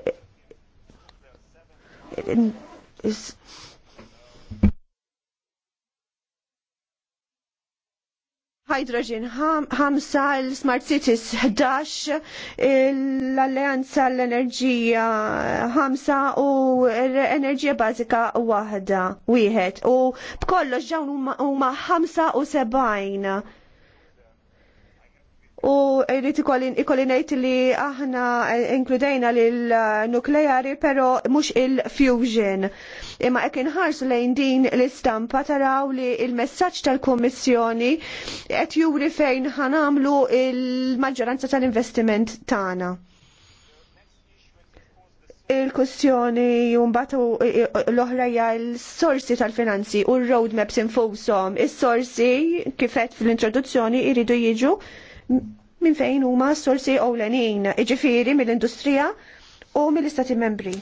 Hydrogen 5, l-Smart Cities 11, l-Alleanza l-Enerġija 5 u l-Enerġija Bazika 1, wieħed. U b'kollox dawn huma 75 u jrid ikolli ngħid li aħna eh, inkludejna lil nukleari però mhux il-fusion. Imma qed inħarsu lejn din l-istampa taraw li l-messaġġ tal-Kummissjoni qed juri fejn ħanamlu il-maġġoranza tal-investiment tagħna il-kussjoni jumbatu l-oħraja l-sorsi tal-finanzi u r-roadmaps infusom. Is-sorsi kifet fil-introduzzjoni iridu jiġu minn fejn huma s-sorsi ewlenin, iġifieri mill-industrija u mill-istati membri.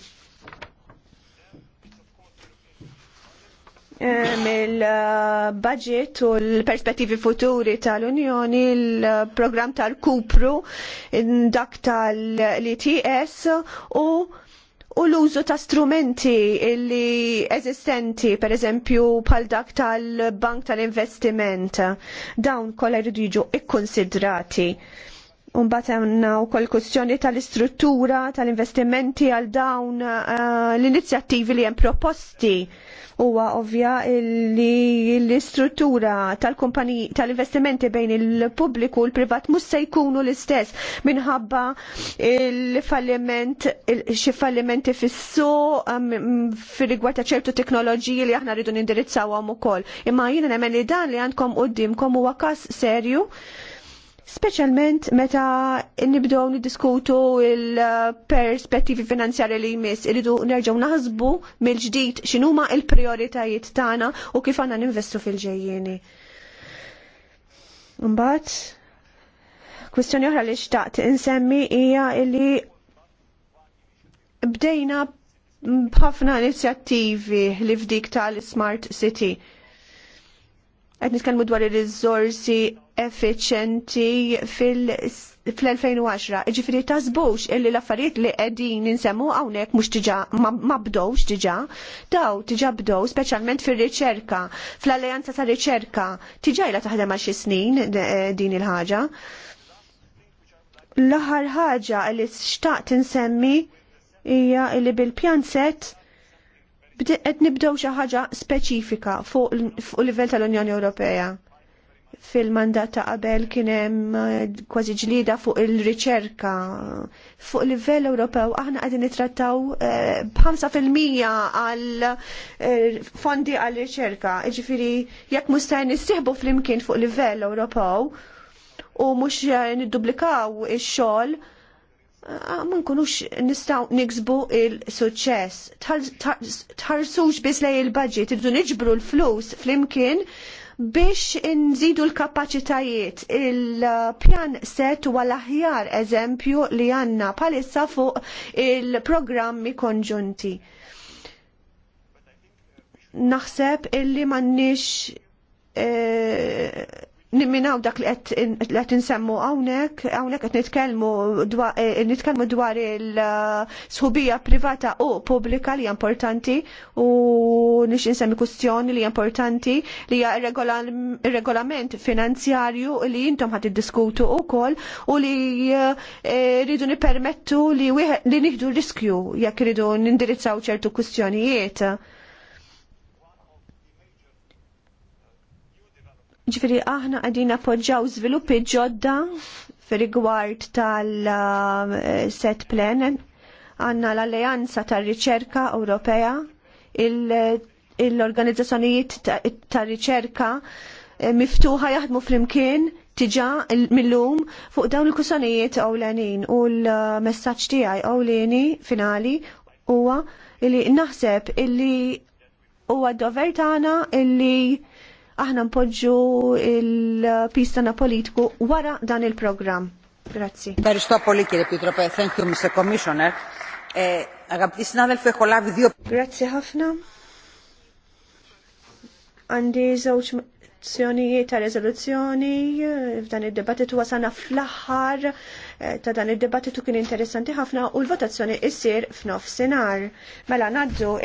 Eh, mill-budget u l-perspettivi futuri tal-Unjoni, l-program tal-Kupru, dak tal-ITS u u l-użu ta' strumenti li eżistenti, per eżempju, pal dak tal-bank tal-investiment, dawn kollha jridu jiġu ikkonsidrati. Unbat għanna u kol kustjoni tal-istruttura, tal-investimenti għal dawn eh, l-inizjattivi li jem proposti. Huwa ovvja li l-istruttura tal-investimenti bejn il-pubbliku u l-privat mus se jkunu l-istess minħabba il-falliment, xi fallimenti fissu eh, fil-rigward ta' ċertu teknoloġiji li aħna rridu nindirizzawhom ukoll. Imma jiena nemmen li dan li għandkom qudiemkom huwa każ serju Speċjalment meta nibdow niddiskutu il-perspettivi finanzjarji li jmiss iridu nerġgħu naħsbu mill-ġdid x'inhuma l-prijoritajiet tagħna u kif għandna ninvestu fil-ġejjieni. Mbagħad kwistjoni oħra li xtaqt insemmi hija li bdejna b'ħafna inizjattivi li fdik tal-Smart City. Għed nitkellmu dwar ir-riżorsi effiċenti fil-2010. Ġifiri tasbux illi l-affarijiet li qegħdin insemmu hawnhekk mhux diġà ma bdowx diġà, daw diġà bdow speċjalment fir-riċerka, fl-alleanza ta' riċerka, tiġà ilha taħdem għal xi snin eh, din il-ħaġa. L-aħħar ħaġa li xtaqt insemmi hija li bil-pjan set qed nibdew xi ħaġa speċifika fuq livell tal-Unjoni Ewropea. Fil-mandat ta' qabel kien hemm eh, kważi ġlida fuq il-riċerka. Fuq livell Ewropew aħna qegħdin nittrattaw eh, b'5% għal eh, fondi għal riċerka. Jiġifieri jekk mustajn nissieħbu flimkien fuq livell Ewropew u mhux niddublikaw ix-xogħol Ah, ma nkunux nistaw niksbu il-suċċess. Tħarsux biss lej il-budget, irdu niġbru l-flus flimkien biex nżidu l-kapacitajiet. Il-pjan set u l-aħjar eżempju li għanna palissa fuq il-programmi konġunti. Naħseb illi mannix eh, nimminaw dak li qed insemmu hawnhekk, hawnhekk qed nitkellmu dwar eh, nitkellmu dwar il-sħubija privata u pubblika li importanti u nix nsemmi kustjoni li importanti li hija regolament finanzjarju li intom għat id wkoll u li eh, rridu nippermettu li li nieħdu riskju jekk rridu nindirizzaw ċertu kustjonijiet. Ġifiri, aħna għadina appoġġaw żviluppi ġodda fir-rigward tal-set uh, plan għanna l-Alleanza tal-Riċerka Ewropea, l-organizzazzjonijiet tal-riċerka eh, miftuħa jaħdmu flimkien tiġa millum fuq dawn il-kusanijiet ewlenin u l-messaġġ tiegħi ewleni finali huwa li naħseb illi huwa dover tagħna illi aħna npoġġu il-pista politiku wara dan il-programm. Grazzi. Ευχαριστώ πολύ κύριε Thank you, Mr. Commissioner. Għabdisna αγαπητοί συνάδελφοι, έχω Grazzi ħafna. Għandi żewġ mozzjonijiet ta' rezoluzzjoni f'dan id debattitu wasana fl-aħħar eh, ta' dan id debattitu kien interessanti ħafna u l-votazzjoni issir f'nofsinhar. Mela ngħaddu